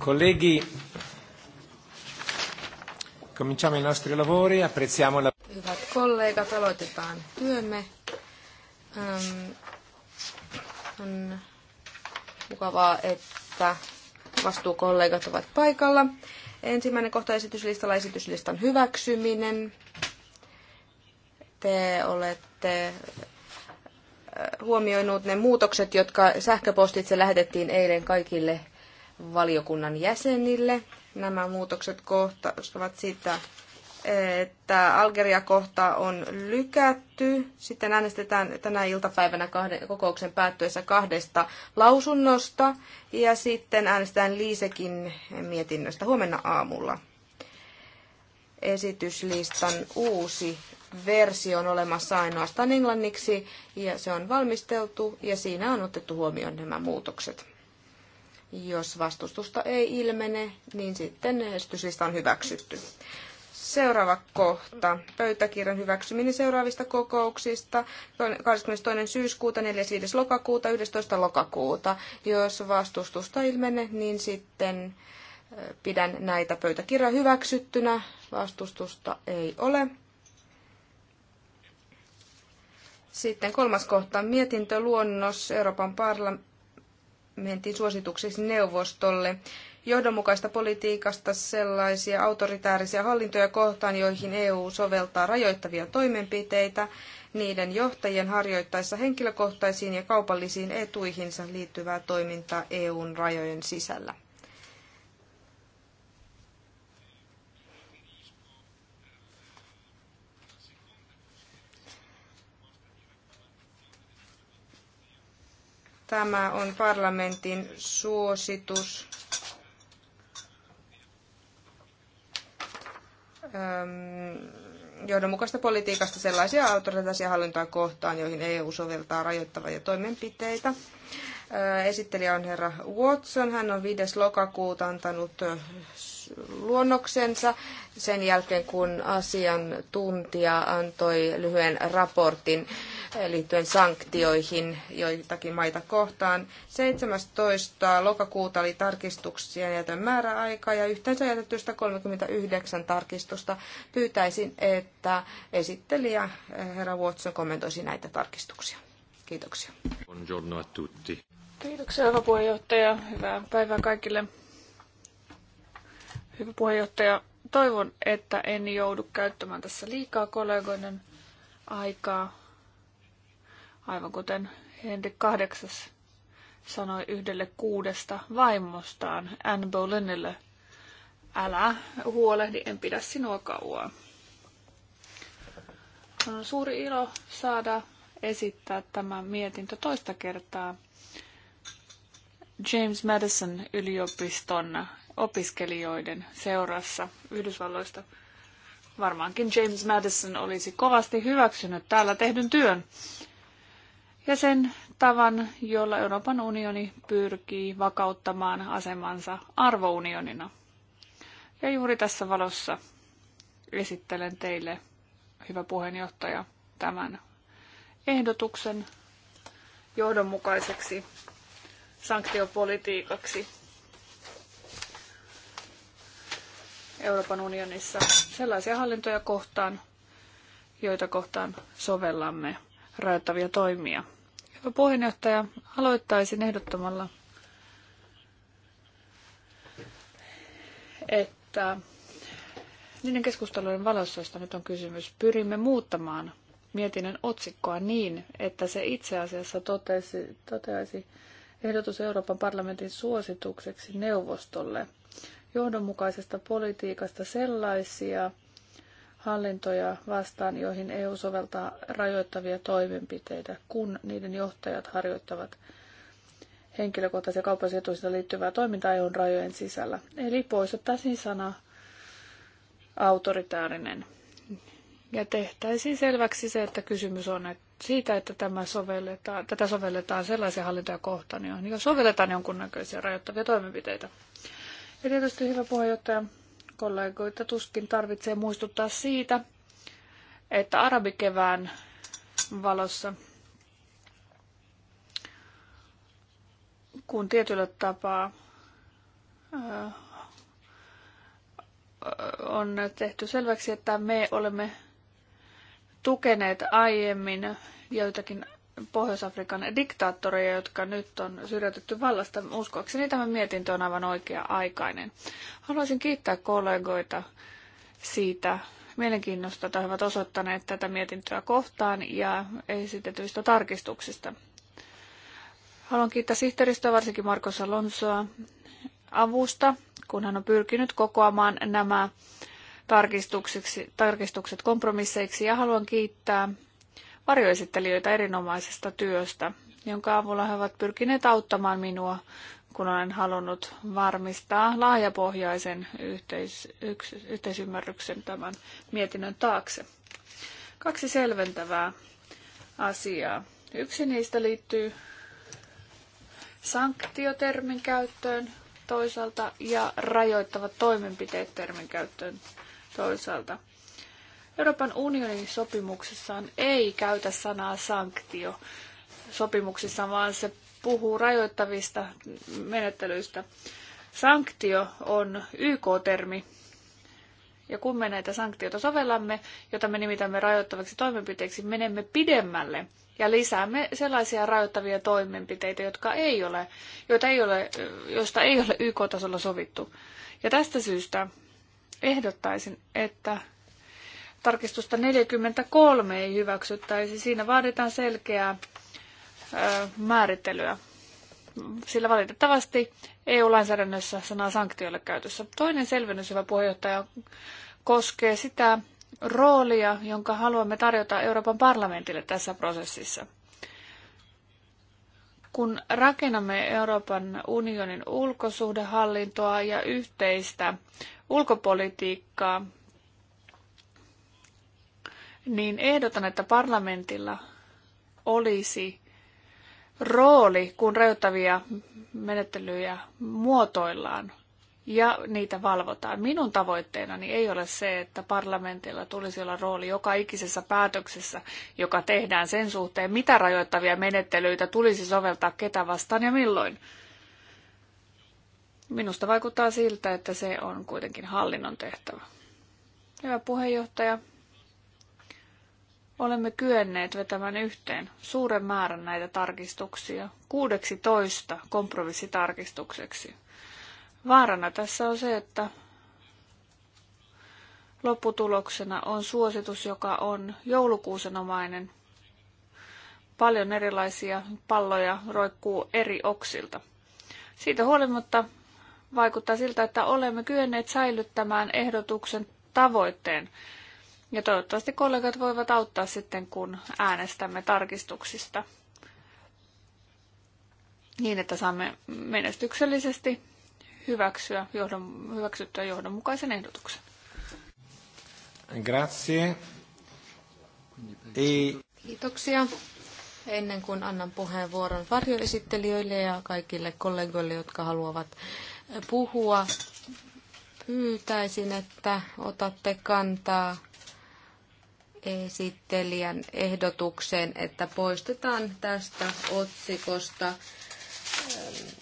Colleghi, cominciamo i nostri lavori, apprezziamo la... Hyvät kollegat, aloitetaan työmme. Ähm, on mukavaa, että vastuukollegat ovat paikalla. Ensimmäinen kohta esityslistalla esityslistan hyväksyminen. Te olette huomioinut ne muutokset, jotka sähköpostitse lähetettiin eilen kaikille valiokunnan jäsenille. Nämä muutokset kohtavat sitä, että Algeria kohta on lykätty. Sitten äänestetään tänä iltapäivänä kahden, kokouksen päättyessä kahdesta lausunnosta ja sitten äänestetään Liisekin mietinnöstä huomenna aamulla. Esityslistan uusi versio on olemassa ainoastaan englanniksi ja se on valmisteltu ja siinä on otettu huomioon nämä muutokset. Jos vastustusta ei ilmene, niin sitten esityslista on hyväksytty. Seuraava kohta. Pöytäkirjan hyväksyminen seuraavista kokouksista. 22. syyskuuta, 4. 5. lokakuuta, 11. lokakuuta. Jos vastustusta ilmenee, niin sitten pidän näitä pöytäkirjan hyväksyttynä. Vastustusta ei ole. Sitten kolmas kohta. Mietintöluonnos Euroopan parlamentin parlamentin suosituksiksi neuvostolle johdonmukaista politiikasta sellaisia autoritäärisiä hallintoja kohtaan, joihin EU soveltaa rajoittavia toimenpiteitä niiden johtajien harjoittaessa henkilökohtaisiin ja kaupallisiin etuihinsa liittyvää toimintaa EUn rajojen sisällä. Tämä on parlamentin suositus. johdonmukaista politiikasta sellaisia autoritaisia hallintoa kohtaan, joihin EU soveltaa rajoittavia toimenpiteitä. Esittelijä on herra Watson. Hän on 5. lokakuuta antanut luonnoksensa sen jälkeen, kun asiantuntija antoi lyhyen raportin liittyen sanktioihin joitakin maita kohtaan. 17. lokakuuta oli tarkistuksien jätön määräaika ja yhteensä jätetystä 39 tarkistusta. Pyytäisin, että esittelijä herra Watson kommentoisi näitä tarkistuksia. Kiitoksia. Buongiorno a tutti. Kiitoksia, hyvä puheenjohtaja. Hyvää päivää kaikille. Hyvä puheenjohtaja, toivon, että en joudu käyttämään tässä liikaa kollegoiden aikaa. Aivan kuten Henrik kahdeksas sanoi yhdelle kuudesta vaimostaan Anne Boleynille, älä huolehdi, en pidä sinua kauaa. On suuri ilo saada esittää tämä mietintö toista kertaa – James Madison yliopiston opiskelijoiden seurassa Yhdysvalloista. Varmaankin James Madison olisi kovasti hyväksynyt täällä tehdyn työn ja sen tavan, jolla Euroopan unioni pyrkii vakauttamaan asemansa arvounionina. Ja juuri tässä valossa esittelen teille, hyvä puheenjohtaja, tämän ehdotuksen johdonmukaiseksi sanktiopolitiikaksi Euroopan unionissa sellaisia hallintoja kohtaan, joita kohtaan sovellamme rajoittavia toimia. Hyvä puheenjohtaja, aloittaisin ehdottamalla, että niiden keskustelujen valossa, nyt on kysymys, pyrimme muuttamaan mietinnön otsikkoa niin, että se itse asiassa totesi, toteaisi ehdotus Euroopan parlamentin suositukseksi neuvostolle johdonmukaisesta politiikasta sellaisia hallintoja vastaan, joihin EU soveltaa rajoittavia toimenpiteitä, kun niiden johtajat harjoittavat henkilökohtaisia kaupallisetuista liittyvää toimintaa EUn rajojen sisällä. Eli poistettaisiin sana autoritäärinen. Ja tehtäisiin selväksi se, että kysymys on siitä, että tämä sovelletaan, tätä sovelletaan sellaisia hallintoja kohtaan, joihin sovelletaan jonkunnäköisiä rajoittavia toimenpiteitä. Ja tietysti hyvä puheenjohtaja, kollegoita tuskin tarvitsee muistuttaa siitä, että arabikevään valossa, kun tietyllä tapaa äh, äh, on tehty selväksi, että me olemme tukeneet aiemmin joitakin Pohjois-Afrikan diktaattoreja, jotka nyt on syrjäytetty vallasta. Uskoakseni tämä mietintö on aivan oikea-aikainen. Haluaisin kiittää kollegoita siitä mielenkiinnosta, jota he ovat osoittaneet tätä mietintöä kohtaan ja esitetyistä tarkistuksista. Haluan kiittää sihteeristöä, varsinkin Marcos Alonsoa, avusta, kun hän on pyrkinyt kokoamaan nämä tarkistukset kompromisseiksi ja haluan kiittää varjoesittelijöitä erinomaisesta työstä, jonka avulla he ovat pyrkineet auttamaan minua, kun olen halunnut varmistaa laajapohjaisen yhteis- yks- yhteisymmärryksen tämän mietinnön taakse. Kaksi selventävää asiaa. Yksi niistä liittyy sanktiotermin käyttöön toisaalta ja rajoittavat toimenpiteet termin käyttöön toisaalta. Euroopan unionin sopimuksessaan ei käytä sanaa sanktio sopimuksissa, vaan se puhuu rajoittavista menettelyistä. Sanktio on YK-termi, ja kun me näitä sanktioita sovellamme, jota me nimitämme rajoittavaksi toimenpiteiksi, menemme pidemmälle ja lisäämme sellaisia rajoittavia toimenpiteitä, jotka ei ole, joita ei ole, joista ei ole YK-tasolla sovittu. Ja tästä syystä ehdottaisin, että tarkistusta 43 ei hyväksyttäisi. Siinä vaaditaan selkeää määrittelyä. Sillä valitettavasti EU-lainsäädännössä sanaa sanktioille käytössä. Toinen selvennys, hyvä puheenjohtaja, koskee sitä roolia, jonka haluamme tarjota Euroopan parlamentille tässä prosessissa. Kun rakennamme Euroopan unionin ulkosuhdehallintoa ja yhteistä ulkopolitiikkaa, niin ehdotan, että parlamentilla olisi rooli, kun rajoittavia menettelyjä muotoillaan ja niitä valvotaan. Minun tavoitteenani ei ole se, että parlamentilla tulisi olla rooli joka ikisessä päätöksessä, joka tehdään sen suhteen, mitä rajoittavia menettelyitä tulisi soveltaa ketä vastaan ja milloin. Minusta vaikuttaa siltä, että se on kuitenkin hallinnon tehtävä. Hyvä puheenjohtaja, olemme kyenneet vetämään yhteen suuren määrän näitä tarkistuksia 16 kompromissitarkistukseksi. Vaarana tässä on se, että lopputuloksena on suositus, joka on joulukuusenomainen. Paljon erilaisia palloja roikkuu eri oksilta. Siitä huolimatta vaikuttaa siltä, että olemme kyenneet säilyttämään ehdotuksen tavoitteen. Ja toivottavasti kollegat voivat auttaa sitten, kun äänestämme tarkistuksista niin, että saamme menestyksellisesti hyväksyä johdon, hyväksyttyä johdonmukaisen ehdotuksen. Grazie. Ei. Kiitoksia. Ennen kuin annan puheenvuoron varjoesittelijöille ja kaikille kollegoille, jotka haluavat puhua, pyytäisin, että otatte kantaa esittelijän ehdotukseen, että poistetaan tästä otsikosta ähm,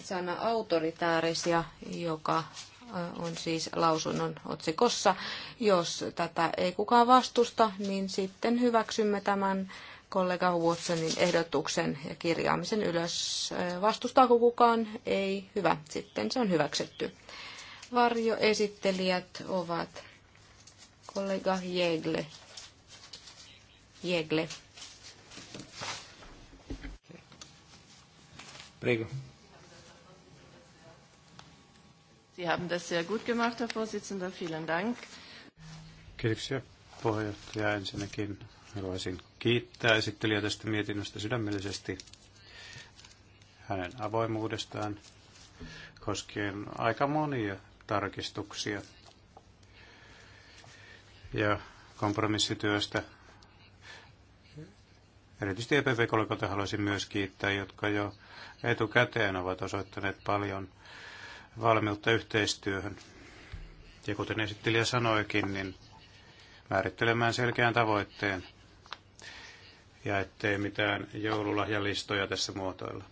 sana autoritäärisiä, joka äh, on siis lausunnon otsikossa. Jos tätä ei kukaan vastusta, niin sitten hyväksymme tämän kollega Watsonin ehdotuksen ja kirjaamisen ylös. Vastustaako kukaan? Ei. Hyvä. Sitten se on hyväksytty. Varjoesittelijät ovat kollega Jegle. Jegle. Prego. Sie haben das sehr gut gemacht, Herr Vorsitzender. Vielen Dank. Kiitoksia puheenjohtaja. Ensinnäkin haluaisin kiittää esittelijä tästä mietinnöstä sydämellisesti hänen avoimuudestaan koskien aika monia tarkistuksia ja kompromissityöstä. Erityisesti epv kolikolta haluaisin myös kiittää, jotka jo etukäteen ovat osoittaneet paljon valmiutta yhteistyöhön. Ja kuten esittelijä sanoikin, niin määrittelemään selkeän tavoitteen – ja ettei mitään joululahjalistoja tässä muotoilla.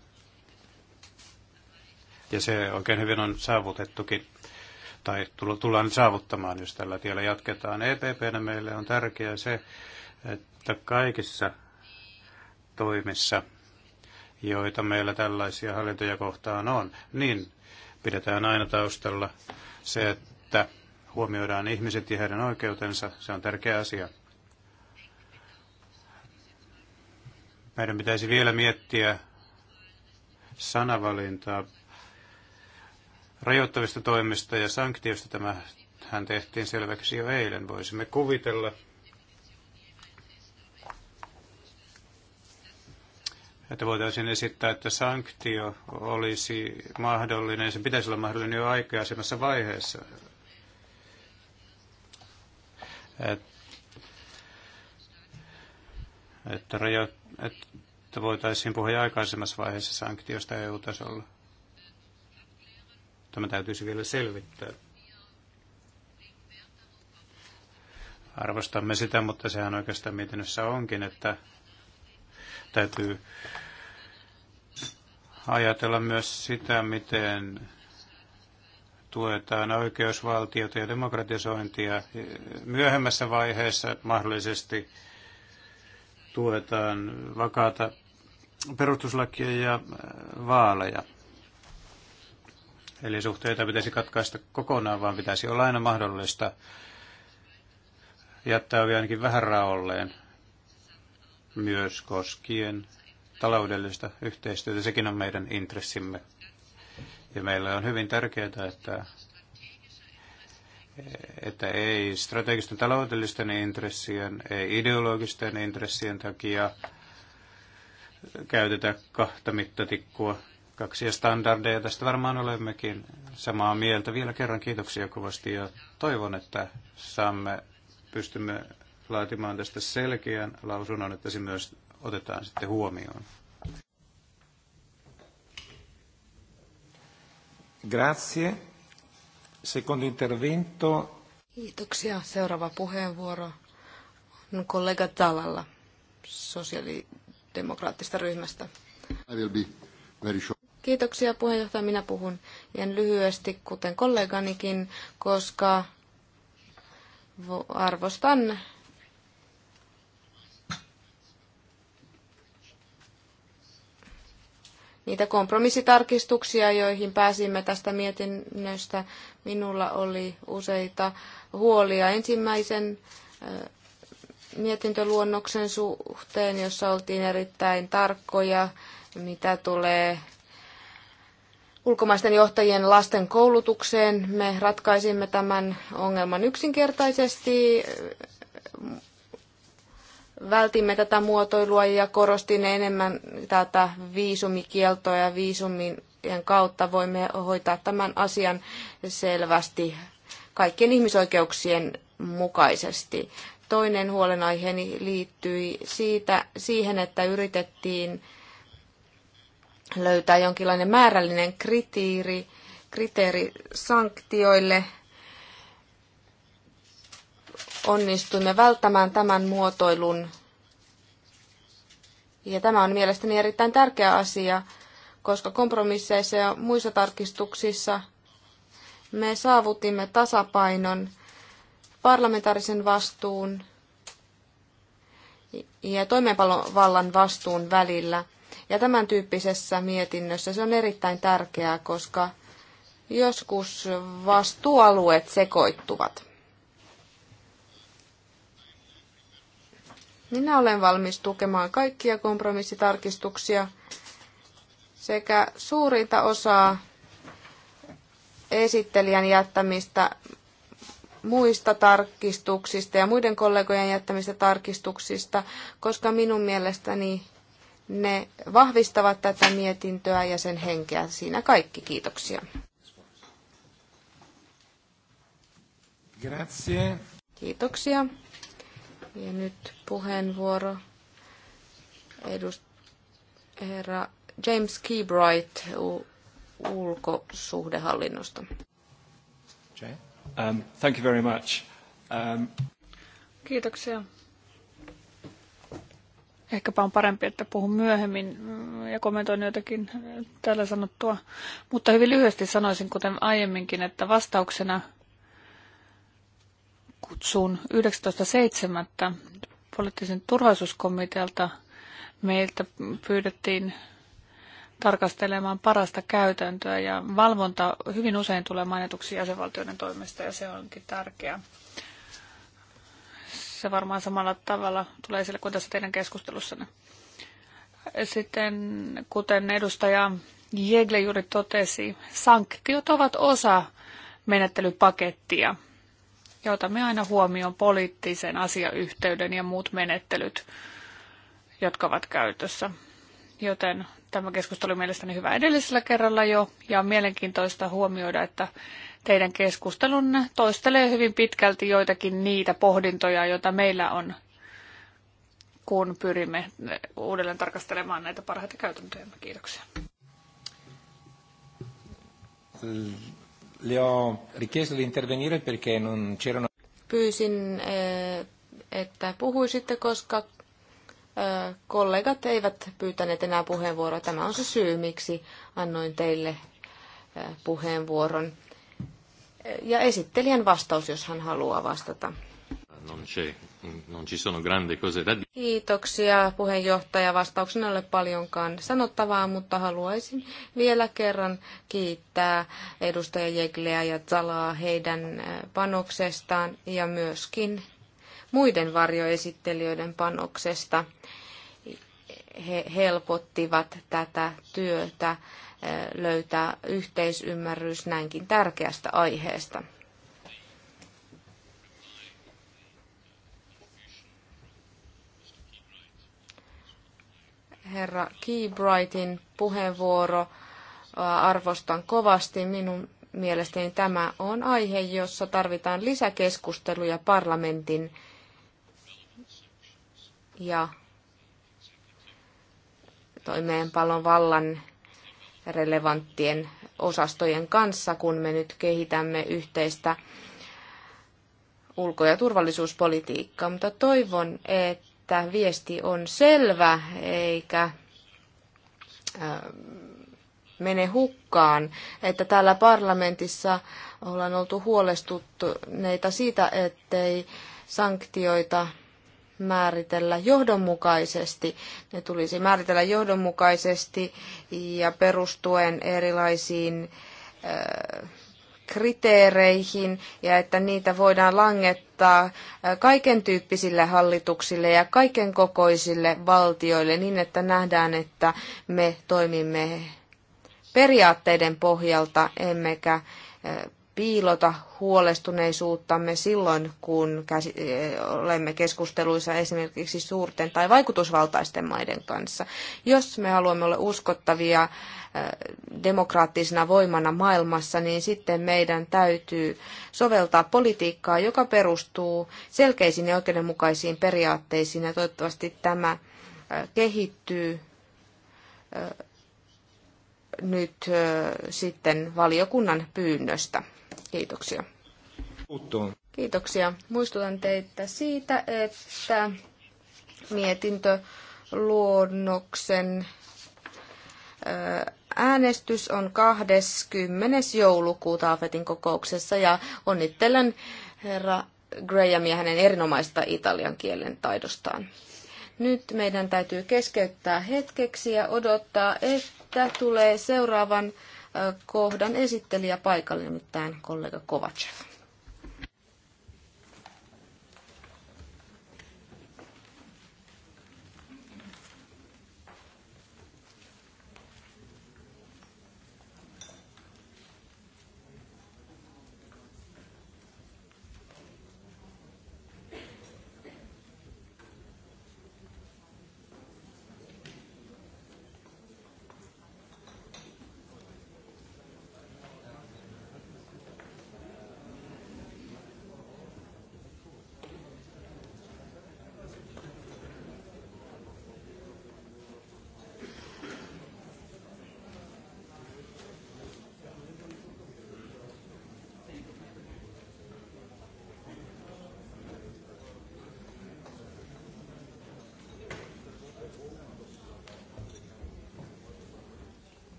Ja se oikein hyvin on saavutettukin, tai tullaan saavuttamaan, jos tällä tiellä jatketaan. EPPnä meille on tärkeää se, että kaikissa toimissa, joita meillä tällaisia hallintoja kohtaan on, niin pidetään aina taustalla se, että huomioidaan ihmiset ja heidän oikeutensa. Se on tärkeä asia. Meidän pitäisi vielä miettiä sanavalintaa rajoittavista toimista ja sanktiosta Tämä hän tehtiin selväksi jo eilen. Voisimme kuvitella, että voitaisiin esittää, että sanktio olisi mahdollinen, se pitäisi olla mahdollinen jo aikaisemmassa vaiheessa. Että, että rajoittaa että voitaisiin puhua jo aikaisemmassa vaiheessa sanktiosta EU-tasolla. Tämä täytyisi vielä selvittää. Arvostamme sitä, mutta sehän oikeastaan mietinnössä onkin, että täytyy ajatella myös sitä, miten tuetaan oikeusvaltiota ja demokratisointia myöhemmässä vaiheessa mahdollisesti tuetaan vakaata perustuslakia ja äh, vaaleja. Eli suhteita pitäisi katkaista kokonaan, vaan pitäisi olla aina mahdollista jättää vielä ainakin vähän raolleen myös koskien taloudellista yhteistyötä. Sekin on meidän intressimme. Ja meillä on hyvin tärkeää, että että ei strategisten taloudellisten intressien, ei ideologisten intressien takia käytetä kahta mittatikkua, kaksia standardeja. Tästä varmaan olemmekin samaa mieltä. Vielä kerran kiitoksia kovasti ja toivon, että saamme, pystymme laatimaan tästä selkeän lausunnon, että se myös otetaan sitten huomioon. Grazie. Secondo intervento. Kiitoksia. Seuraava puheenvuoro on kollega Talalla sosiaalidemokraattisesta ryhmästä. Kiitoksia puheenjohtaja. Minä puhun ihan lyhyesti, kuten kolleganikin, koska arvostan niitä kompromissitarkistuksia, joihin pääsimme tästä mietinnöstä. Minulla oli useita huolia ensimmäisen mietintöluonnoksen suhteen, jossa oltiin erittäin tarkkoja, mitä tulee ulkomaisten johtajien lasten koulutukseen. Me ratkaisimme tämän ongelman yksinkertaisesti vältimme tätä muotoilua ja korostin enemmän tätä viisumikieltoa ja viisumien kautta voimme hoitaa tämän asian selvästi kaikkien ihmisoikeuksien mukaisesti. Toinen huolenaiheeni liittyi siitä, siihen, että yritettiin löytää jonkinlainen määrällinen kriteeri, kriteeri sanktioille – onnistuimme välttämään tämän muotoilun. Ja tämä on mielestäni erittäin tärkeä asia, koska kompromisseissa ja muissa tarkistuksissa me saavutimme tasapainon parlamentaarisen vastuun ja toimeenpanovallan vastuun välillä. Ja tämän tyyppisessä mietinnössä se on erittäin tärkeää, koska joskus vastuualueet sekoittuvat. Minä olen valmis tukemaan kaikkia kompromissitarkistuksia sekä suurinta osaa esittelijän jättämistä muista tarkistuksista ja muiden kollegojen jättämistä tarkistuksista, koska minun mielestäni ne vahvistavat tätä mietintöä ja sen henkeä. Siinä kaikki. Kiitoksia. Grazie. Kiitoksia. Ja nyt puheenvuoro edust- herra James Keybright ulkosuhdehallinnosta. Um, thank you very much. Um... Kiitoksia. Ehkäpä on parempi, että puhun myöhemmin ja kommentoin jotakin täällä sanottua. Mutta hyvin lyhyesti sanoisin, kuten aiemminkin, että vastauksena – Kutsun 19.7. poliittisen turvallisuuskomitealta meiltä pyydettiin tarkastelemaan parasta käytäntöä ja valvonta hyvin usein tulee mainituksi jäsenvaltioiden toimesta ja se onkin tärkeää. Se varmaan samalla tavalla tulee esille kuin tässä teidän keskustelussanne. Sitten kuten edustaja Jegle juuri totesi, sanktiot ovat osa menettelypakettia ja otamme aina huomioon poliittisen asiayhteyden ja muut menettelyt, jotka ovat käytössä. Joten tämä keskustelu oli mielestäni hyvä edellisellä kerralla jo, ja on mielenkiintoista huomioida, että teidän keskustelunne toistelee hyvin pitkälti joitakin niitä pohdintoja, joita meillä on, kun pyrimme uudelleen tarkastelemaan näitä parhaita käytäntöjä. Kiitoksia. Äh, Le ho richiesto di intervenire perché non c'erano... Pyysin, eh, että puhuisitte, koska eh, kollegat eivät pyytäneet enää puheenvuoroa. Tämä on se syy, miksi annoin teille eh, puheenvuoron. Ja esittelijän vastaus, jos hän haluaa vastata non c'è, non ci sono grandi cose da dire. Kiitoksia puheenjohtaja. Vastauksena ei ole paljonkaan sanottavaa, mutta haluaisin vielä kerran kiittää edustaja Jegleä ja Zalaa heidän eh, panoksestaan ja myöskin muiden varjoesittelijöiden panoksesta. He helpottivat tätä työtä eh, löytää yhteisymmärrys näinkin tärkeästä aiheesta. herra Keybrightin puheenvuoro. Äh, arvostan kovasti. Minun mielestäni tämä on aihe, jossa tarvitaan lisäkeskusteluja parlamentin ja toimeenpalon vallan relevanttien osastojen kanssa, kun me nyt kehitämme yhteistä ulko- ja turvallisuuspolitiikkaa, mutta toivon, että että viesti on selvä eikä mene hukkaan, että täällä parlamentissa ollaan oltu huolestuttuneita siitä, ettei sanktioita määritellä johdonmukaisesti. Ne tulisi määritellä johdonmukaisesti ja perustuen erilaisiin äh, kriteereihin ja että niitä voidaan langettaa äh, kaiken tyyppisille hallituksille ja kaiken kokoisille valtioille niin, että nähdään, että me toimimme periaatteiden pohjalta, emmekä äh, piilota huolestuneisuuttamme silloin, kun olemme keskusteluissa esimerkiksi suurten tai vaikutusvaltaisten maiden kanssa. Jos me haluamme olla uskottavia äh, demokraattisena voimana maailmassa, niin sitten meidän täytyy soveltaa politiikkaa, joka perustuu selkeisiin ja oikeudenmukaisiin periaatteisiin, ja toivottavasti tämä äh, kehittyy äh, nyt sitten valiokunnan pyynnöstä. Kiitoksia. Kiitoksia. Muistutan teitä siitä, että mietintö luonnoksen äänestys on 20. joulukuuta Afetin kokouksessa ja onnittelen herra Grahamia hänen erinomaista italian kielen taidostaan. Nyt meidän täytyy keskeyttää hetkeksi ja odottaa, että tulee seuraavan kohdan esittelijä paikalle, nimittäin kollega Kovacev.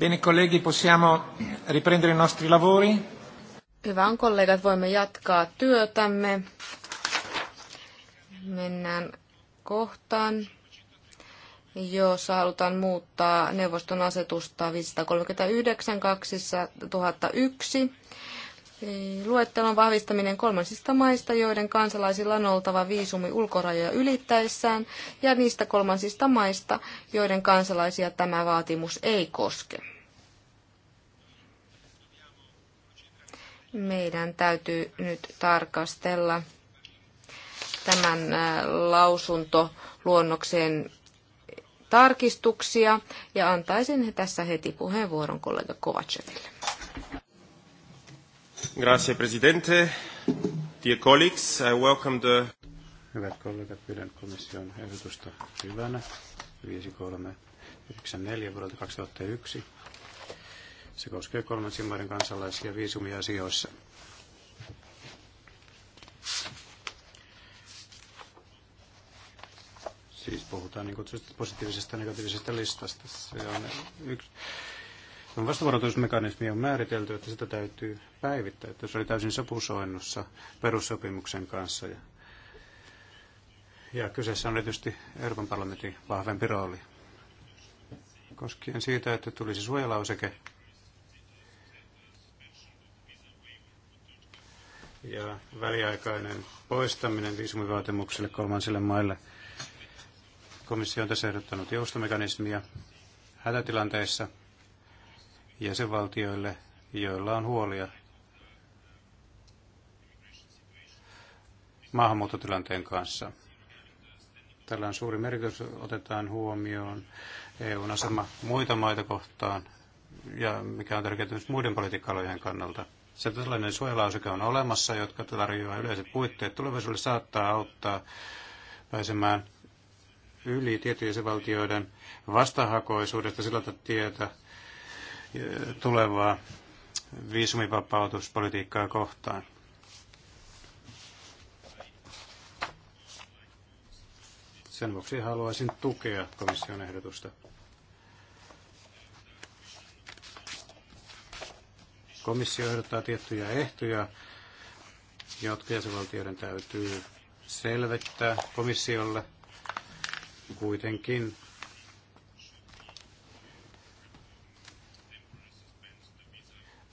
Bene colleghi, possiamo riprendere i nostri lavori. Hyvä on kollegat, voimme jatkaa työtämme. Mennään kohtaan, jos halutaan muuttaa neuvoston asetusta 539 2001. Luettelon vahvistaminen kolmansista maista, joiden kansalaisilla on oltava viisumi ulkorajoja ylittäessään, ja niistä kolmansista maista, joiden kansalaisia tämä vaatimus ei koske. meidän täytyy nyt tarkastella tämän äh, lausuntoluonnoksen tarkistuksia ja antaisin tässä heti puheenvuoron kollega Kovaceville. Grazie presidente. Dear colleagues, I welcome the... Hyvät kollegat, pyydän komission ehdotusta hyvänä. 5394 vuodelta 2001 se koskee kolmansien maiden kansalaisia viisumiasioissa. Siis puhutaan niin kutsutusta positiivisesta ja negatiivisesta listasta. Se on yksi, No vastavuoroisuusmekanismi on määritelty, että sitä täytyy päivittää, että se oli täysin sopusoinnussa perussopimuksen kanssa. Ja, ja kyseessä on tietysti Euroopan parlamentin vahvempi rooli. Koskien siitä, että tulisi suojalauseke, ja väliaikainen poistaminen viisumivaatimuksille kolmansille maille. Komissio on tässä ehdottanut joustomekanismia hätätilanteissa jäsenvaltioille, joilla on huolia maahanmuuttotilanteen kanssa. Tällä on suuri merkitys, otetaan huomioon EUn asema muita maita kohtaan ja mikä on tärkeää myös muiden politiikka kannalta. Se tällainen suojalauseke on olemassa, jotka tarjoaa yleiset puitteet. Tulevaisuudelle saattaa auttaa pääsemään yli tiettyjen valtioiden vastahakoisuudesta sillä tietä e, tulevaa viisumivapautuspolitiikkaa kohtaan. Sen vuoksi haluaisin tukea komission ehdotusta. Komissio ehdottaa tiettyjä ehtoja, jotka jäsenvaltioiden täytyy selvittää komissiolle kuitenkin.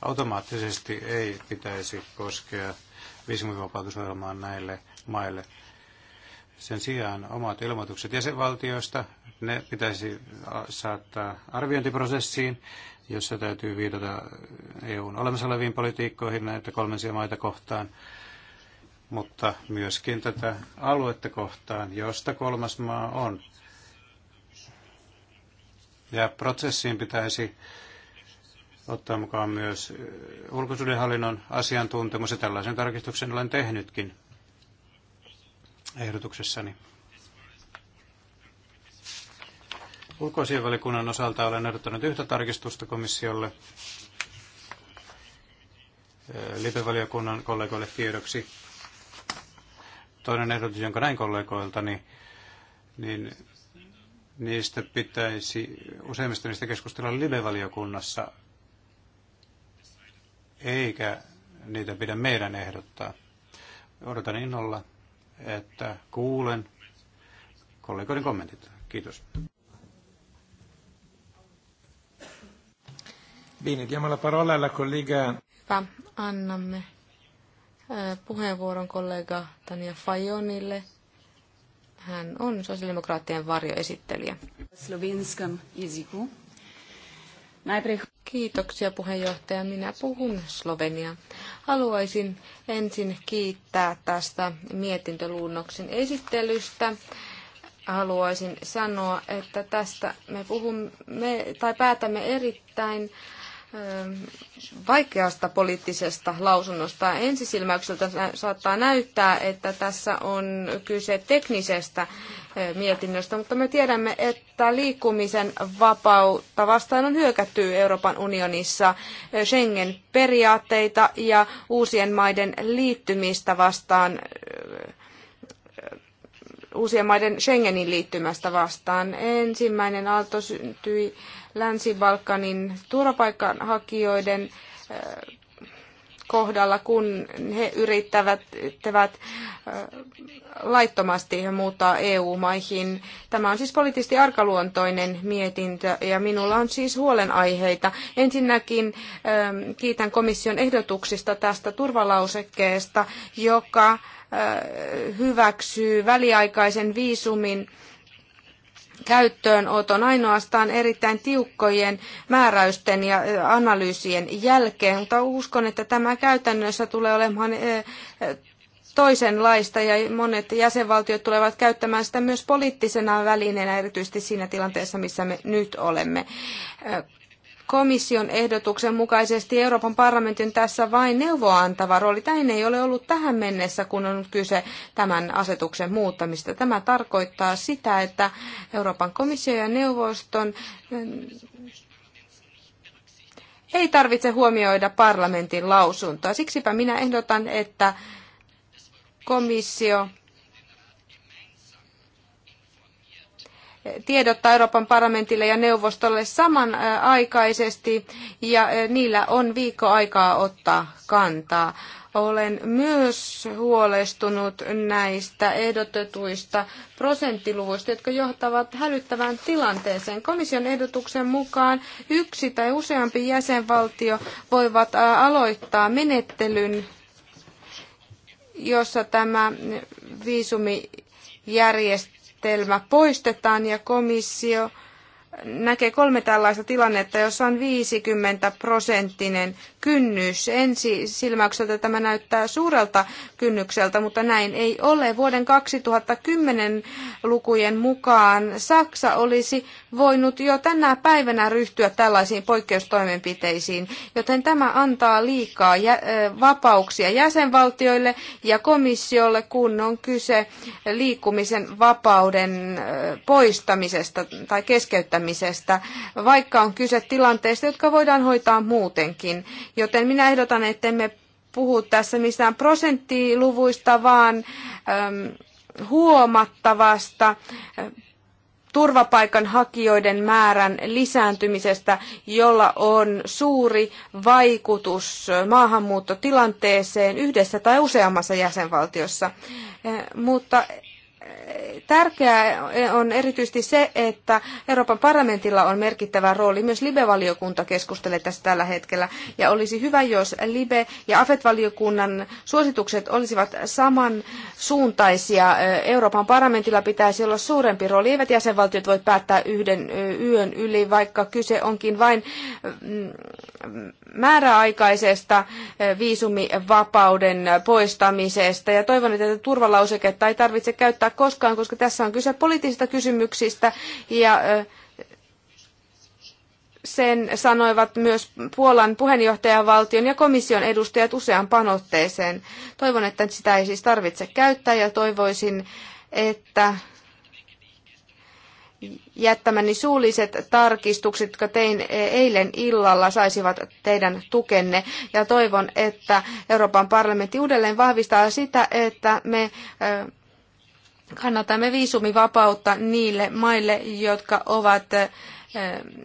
Automaattisesti ei pitäisi koskea viisumivapautusohjelmaa näille maille – sen sijaan omat ilmoitukset jäsenvaltioista, ne pitäisi saattaa arviointiprosessiin, jossa täytyy viitata EUn olemassa oleviin politiikkoihin näitä kolmansia maita kohtaan, mutta myöskin tätä aluetta kohtaan, josta kolmas maa on. Ja prosessiin pitäisi ottaa mukaan myös ulkosuudenhallinnon asiantuntemus, ja tällaisen tarkistuksen olen tehnytkin ehdotuksessani. Ulkoasianvalikunnan osalta olen ehdottanut yhtä tarkistusta komissiolle eh, lipevaliokunnan kollegoille tiedoksi. Toinen ehdotus, jonka näin kollegoilta, niin, niin niistä pitäisi, useimmista niistä keskustella live-valiokunnassa, eikä niitä pidä meidän ehdottaa. Odotan innolla että kuulen kollegoiden kommentit. Kiitos. Bene, diamo la parola alla collega. annamme puheenvuoron kollega Tania Fajonille. Hän on sosiaalidemokraattien varjoesittelijä. Slovenskam jeziku. Najprej Kiitoksia puheenjohtaja. Minä puhun Slovenia. Haluaisin ensin kiittää tästä mietintöluunnoksen esittelystä. Haluaisin sanoa, että tästä me, puhumme, me tai päätämme erittäin vaikeasta poliittisesta lausunnosta. Ensisilmäykseltä saattaa näyttää, että tässä on kyse teknisestä mietinnöstä, mutta me tiedämme, että liikkumisen vapautta vastaan on hyökätty Euroopan unionissa Schengen-periaatteita ja uusien maiden liittymistä vastaan uusien maiden Schengenin liittymästä vastaan. Ensimmäinen aalto syntyi Länsi-Balkanin turvapaikanhakijoiden eh, kohdalla, kun he yrittävät eh, laittomasti muuttaa EU-maihin. Tämä on siis poliittisesti arkaluontoinen mietintö ja minulla on siis huolenaiheita. Ensinnäkin eh, kiitän komission ehdotuksista tästä turvalausekkeesta, joka hyväksyy väliaikaisen viisumin käyttöönoton ainoastaan erittäin tiukkojen määräysten ja analyysien jälkeen, mutta uskon, että tämä käytännössä tulee olemaan toisenlaista ja monet jäsenvaltiot tulevat käyttämään sitä myös poliittisena välineenä, erityisesti siinä tilanteessa, missä me nyt olemme komission ehdotuksen mukaisesti Euroopan parlamentin tässä vain neuvoa antava rooli. Näin ei ole ollut tähän mennessä, kun on kyse tämän asetuksen muuttamista. Tämä tarkoittaa sitä, että Euroopan komissio ja neuvoston eh, ei tarvitse huomioida parlamentin lausuntoa. Siksipä minä ehdotan, että komissio tiedottaa Euroopan parlamentille ja neuvostolle samanaikaisesti ja eh, niillä on viikko aikaa ottaa kantaa. Olen myös huolestunut näistä ehdotetuista prosenttiluvuista, jotka johtavat hälyttävään tilanteeseen. Komission ehdotuksen mukaan yksi tai useampi jäsenvaltio voivat eh, aloittaa menettelyn, jossa tämä viisumijärjestelmä järjestelmä poistetaan ja komissio näkee kolme tällaista tilannetta, jossa on 50 prosenttinen kynnys. Ensi silmäykseltä tämä näyttää suurelta kynnykseltä, mutta näin ei ole. Vuoden 2010 lukujen mukaan Saksa olisi voinut jo tänä päivänä ryhtyä tällaisiin poikkeustoimenpiteisiin, joten tämä antaa liikaa vapauksia jäsenvaltioille ja komissiolle, kun on kyse liikkumisen vapauden poistamisesta tai keskeyttämisestä, vaikka on kyse tilanteista, jotka voidaan hoitaa muutenkin. Joten minä ehdotan, että emme puhu tässä mistään prosenttiluvuista, vaan äm, huomattavasta äh, turvapaikanhakijoiden määrän lisääntymisestä, jolla on suuri vaikutus äh, maahanmuuttotilanteeseen yhdessä tai useammassa jäsenvaltiossa. Äh, mutta Tärkeää on erityisesti se, että Euroopan parlamentilla on merkittävä rooli. Myös Libe-valiokunta keskustelee tästä tällä hetkellä. Ja olisi hyvä, jos Libe- ja AFET-valiokunnan suositukset olisivat samansuuntaisia. Euroopan parlamentilla pitäisi olla suurempi rooli. Eivät jäsenvaltiot voi päättää yhden yön yli, vaikka kyse onkin vain mm, määräaikaisesta viisumivapauden poistamisesta. Ja toivon, että tätä turvalauseketta ei tarvitse käyttää koskaan, koska koska tässä on kyse poliittisista kysymyksistä ja sen sanoivat myös Puolan puheenjohtajavaltion ja komission edustajat useampaan otteeseen. Toivon, että sitä ei siis tarvitse käyttää ja toivoisin, että jättämäni suulliset tarkistukset, jotka tein eilen illalla, saisivat teidän tukenne. Ja toivon, että Euroopan parlamentti uudelleen vahvistaa sitä, että me kannatamme viisumivapautta niille maille, jotka ovat eh,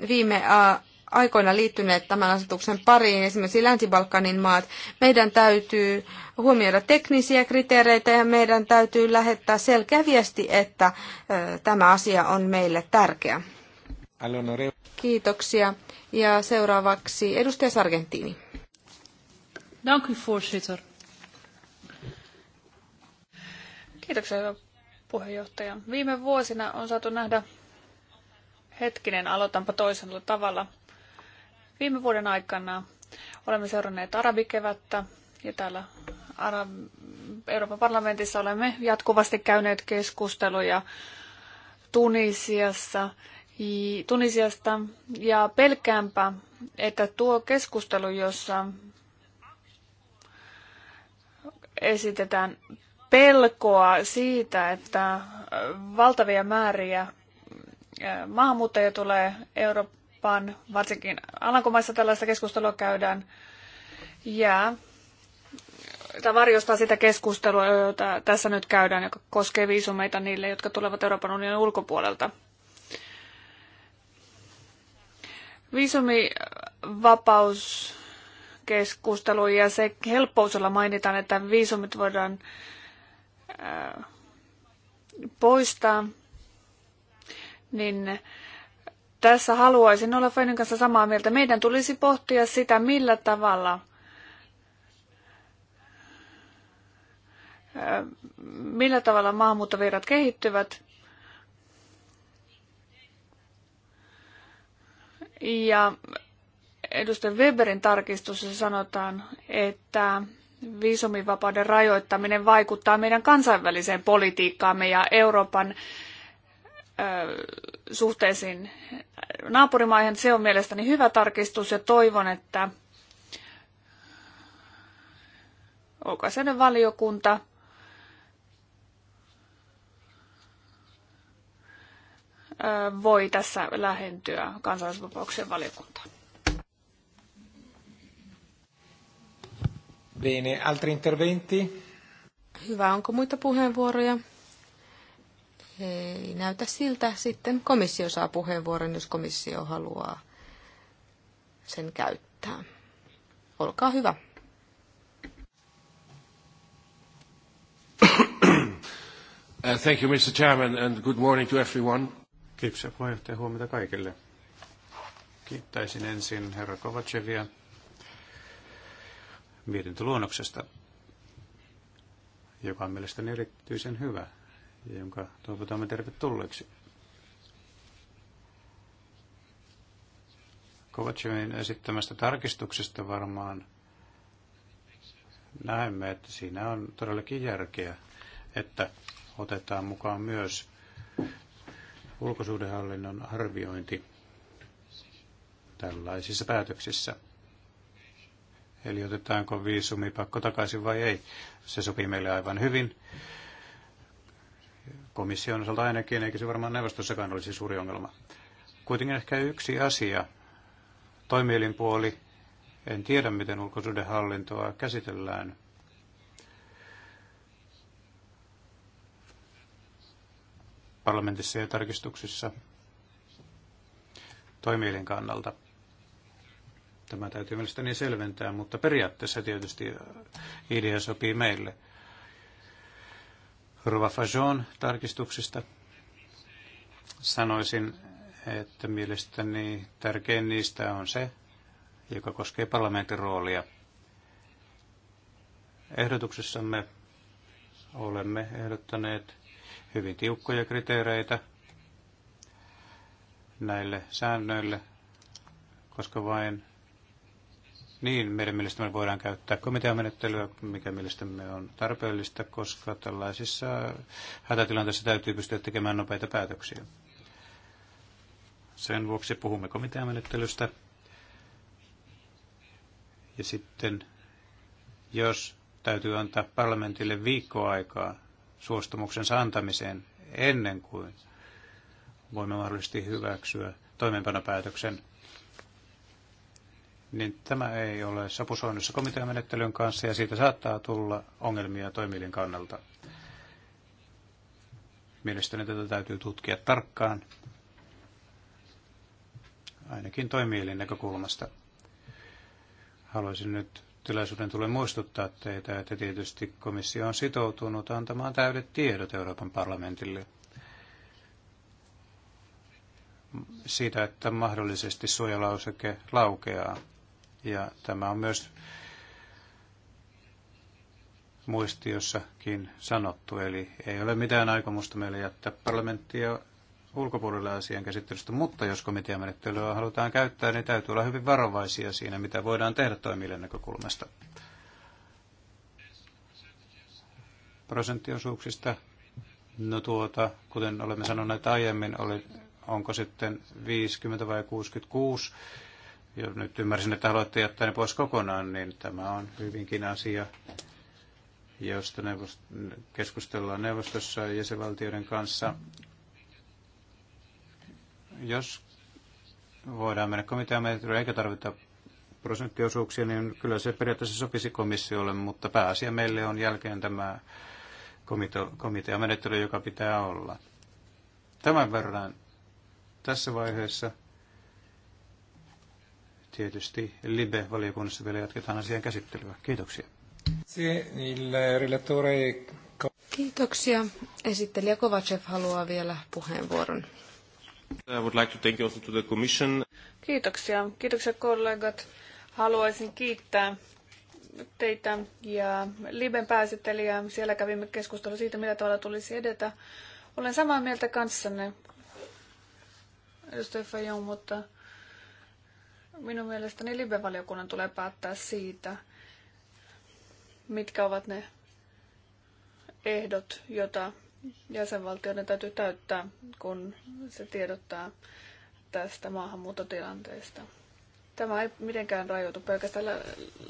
viime aikoina liittyneet tämän asetuksen pariin, esimerkiksi Länsi-Balkanin maat. Meidän täytyy huomioida teknisiä kriteereitä ja meidän täytyy lähettää selkeä viesti, että eh, tämä asia on meille tärkeä. Kiitoksia. Ja seuraavaksi edustaja Sargentini. voorzitter. Kiitoksia, hyvä puheenjohtaja. Viime vuosina on saatu nähdä, hetkinen, aloitanpa toisella tavalla. Viime vuoden aikana olemme seuranneet arabikevättä ja täällä Arab- Euroopan parlamentissa olemme jatkuvasti käyneet keskusteluja Tunisiassa, Tunisiasta ja pelkäänpä, että tuo keskustelu, jossa esitetään pelkoa siitä, että valtavia määriä maahanmuuttajia tulee Eurooppaan, varsinkin Alankomaissa tällaista keskustelua käydään, ja Tämä varjostaa sitä keskustelua, jota tässä nyt käydään, joka koskee viisumeita niille, jotka tulevat Euroopan unionin ulkopuolelta. Viisumivapauskeskustelu ja se helppous, jolla mainitaan, että viisumit voidaan Äh, poistaa, niin tässä haluaisin olla Feinin kanssa samaa mieltä. Meidän tulisi pohtia sitä, millä tavalla äh, millä tavalla maahanmuuttovirrat kehittyvät. Ja edustaja Weberin tarkistus, sanotaan, että viisumivapauden rajoittaminen vaikuttaa meidän kansainväliseen politiikkaamme ja Euroopan suhteisiin naapurimaihin. Se on mielestäni hyvä tarkistus ja toivon, että ulkoasioiden valiokunta voi tässä lähentyä kansalaisvapauksien valiokuntaan. Bene, altri interventi? Hyvä, onko muita puheenvuoroja? Ei näytä siltä. Sitten komissio saa puheenvuoron, jos komissio haluaa sen käyttää. Olkaa hyvä. Uh, thank you, Mr. Chairman, and good morning to everyone. Kiitoksia puheenjohtaja, huomenta kaikille. Kiittäisin ensin herra Kovacevia mietintöluonnoksesta, joka on mielestäni erityisen hyvä ja jonka toivotamme tervetulleeksi. Kovacevin esittämästä tarkistuksesta varmaan näemme, että siinä on todellakin järkeä, että otetaan mukaan myös ulkosuhdehallinnon arviointi tällaisissa päätöksissä. Eli otetaanko viisumipakko takaisin vai ei. Se sopii meille aivan hyvin. Komission osalta ainakin, eikä se varmaan neuvostossakaan olisi suuri ongelma. Kuitenkin ehkä yksi asia, toimielinpuoli, en tiedä miten ulkosuudenhallintoa käsitellään. parlamentissa ja tarkistuksissa toimielin kannalta. Tämä täytyy mielestäni selventää, mutta periaatteessa tietysti idea sopii meille. Rova Fajon tarkistuksista sanoisin, että mielestäni tärkein niistä on se, joka koskee parlamentin roolia. Ehdotuksessamme olemme ehdottaneet hyvin tiukkoja kriteereitä näille säännöille, koska vain niin, meidän mielestämme voidaan käyttää komiteamenettelyä, mikä mielestämme on tarpeellista, koska tällaisissa hätätilanteissa täytyy pystyä tekemään nopeita päätöksiä. Sen vuoksi puhumme komiteamenettelystä. Ja sitten, jos täytyy antaa parlamentille viikkoaikaa suostumuksensa antamiseen ennen kuin voimme mahdollisesti hyväksyä toimeenpanopäätöksen, niin tämä ei ole sopusoinnussa komiteamenettelyn kanssa ja siitä saattaa tulla ongelmia toimielin kannalta. Mielestäni tätä täytyy tutkia tarkkaan, ainakin toimielin näkökulmasta. Haluaisin nyt tilaisuuden tulee muistuttaa teitä, että tietysti komissio on sitoutunut antamaan täydet tiedot Euroopan parlamentille siitä, että mahdollisesti suojalauseke laukeaa ja tämä on myös muistiossakin sanottu, eli ei ole mitään aikomusta meille, jättää parlamenttia ulkopuolella asian käsittelystä, mutta jos komiteamenettelyä halutaan käyttää, niin täytyy olla hyvin varovaisia siinä, mitä voidaan tehdä toimille näkökulmasta. Prosenttiosuuksista, no tuota, kuten olemme sanoneet aiemmin, oli, onko sitten 50 vai 66 jos nyt ymmärsin, että haluatte jättää ne pois kokonaan, niin tämä on hyvinkin asia, josta neuvost- keskustellaan neuvostossa ja jäsenvaltioiden kanssa. Jos voidaan mennä komiteametroon eikä tarvita prosenttiosuuksia, niin kyllä se periaatteessa sopisi komissiolle, mutta pääasia meille on jälkeen tämä komiteamenettely, joka pitää olla. Tämän verran tässä vaiheessa tietysti Libe-valiokunnassa vielä jatketaan asian käsittelyä. Kiitoksia. Kiitoksia. Esittelijä Kovacev haluaa vielä puheenvuoron. Kiitoksia. Kiitoksia kollegat. Haluaisin kiittää teitä ja Liben pääsittelijää. Siellä kävimme keskustelua siitä, millä tavalla tulisi edetä. Olen samaa mieltä kanssanne, edustaja Fajon, mutta Minun mielestäni live-valiokunnan tulee päättää siitä, mitkä ovat ne ehdot, joita jäsenvaltioiden täytyy täyttää, kun se tiedottaa tästä maahanmuuttotilanteesta. Tämä ei mitenkään rajoitu pelkästään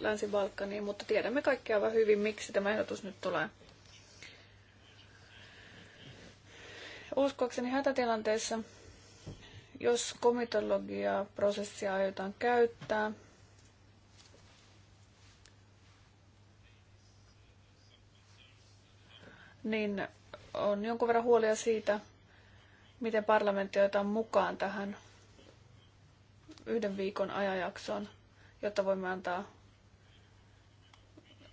Länsi-Balkaniin, mutta tiedämme kaikki aivan hyvin, miksi tämä ehdotus nyt tulee. Uskoakseni hätätilanteessa jos komitologiaa prosessia aiotaan käyttää, niin on jonkun verran huolia siitä, miten parlamentti otetaan mukaan tähän yhden viikon ajanjaksoon, jotta voimme antaa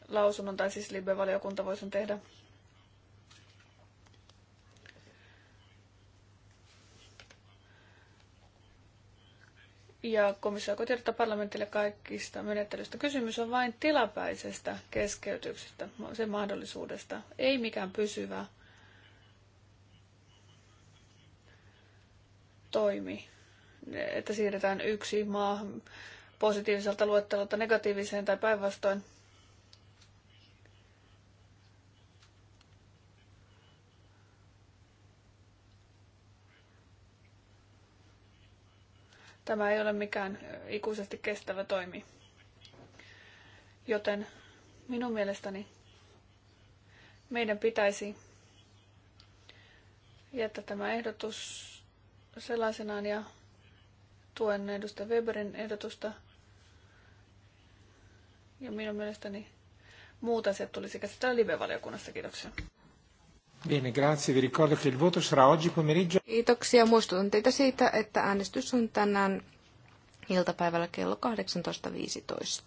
lausunnon, tai siis Libe-valiokunta voi sen tehdä ja komissio aikoo parlamentille kaikista menettelystä. Kysymys on vain tilapäisestä keskeytyksestä, sen mahdollisuudesta, ei mikään pysyvä toimi, että siirretään yksi maa positiiviselta luettelolta negatiiviseen tai päinvastoin. Tämä ei ole mikään ikuisesti kestävä toimi. Joten minun mielestäni meidän pitäisi jättää tämä ehdotus sellaisenaan ja tuen edustaja Weberin ehdotusta. Ja minun mielestäni muut asiat tulisi käsitellä live-valiokunnassa. Kiitoksia. Bene, grazie. Vi ricordo che il voto sarà oggi pomeriggio. Kiitoksia. Muistutan teitä siitä, että äänestys on tänään iltapäivällä kello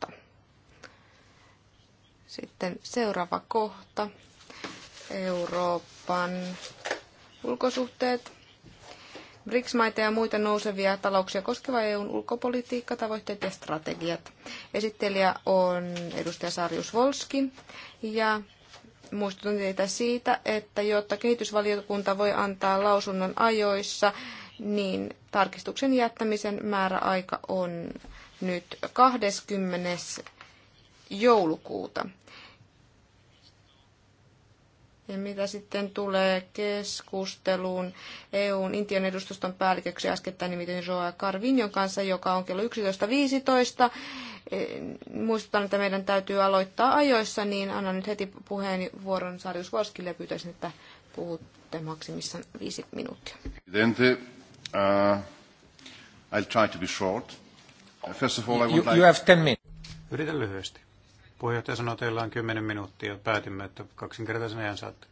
18.15. Sitten seuraava kohta. Euroopan ulkosuhteet. BRICS-maita ja muita nousevia talouksia koskeva EUn ulkopolitiikka, tavoitteet ja strategiat. Esittelijä on edustaja Sarjus Volski ja muistutan teitä siitä, että jotta kehitysvaliokunta voi antaa lausunnon ajoissa, niin tarkistuksen jättämisen määräaika on nyt 20. joulukuuta. Ja mitä sitten tulee keskusteluun EUn Intian edustuston päälliköksi äskettäin nimittäin Joa Carvinion kanssa, joka on kello 11.15. Muistutan, että meidän täytyy aloittaa ajoissa, niin annan nyt heti puheenvuoron Sarjus Voskille ja pyytäisin, että puhutte maksimissaan viisi minuuttia. Presidente, uh, I'll try to be short. First of all, I would like... You have ten minutes. Yritän lyhyesti. Puheenjohtaja sanoi, teillä on 10 minuuttia. Päätimme, että kaksinkertaisen ajan saatte.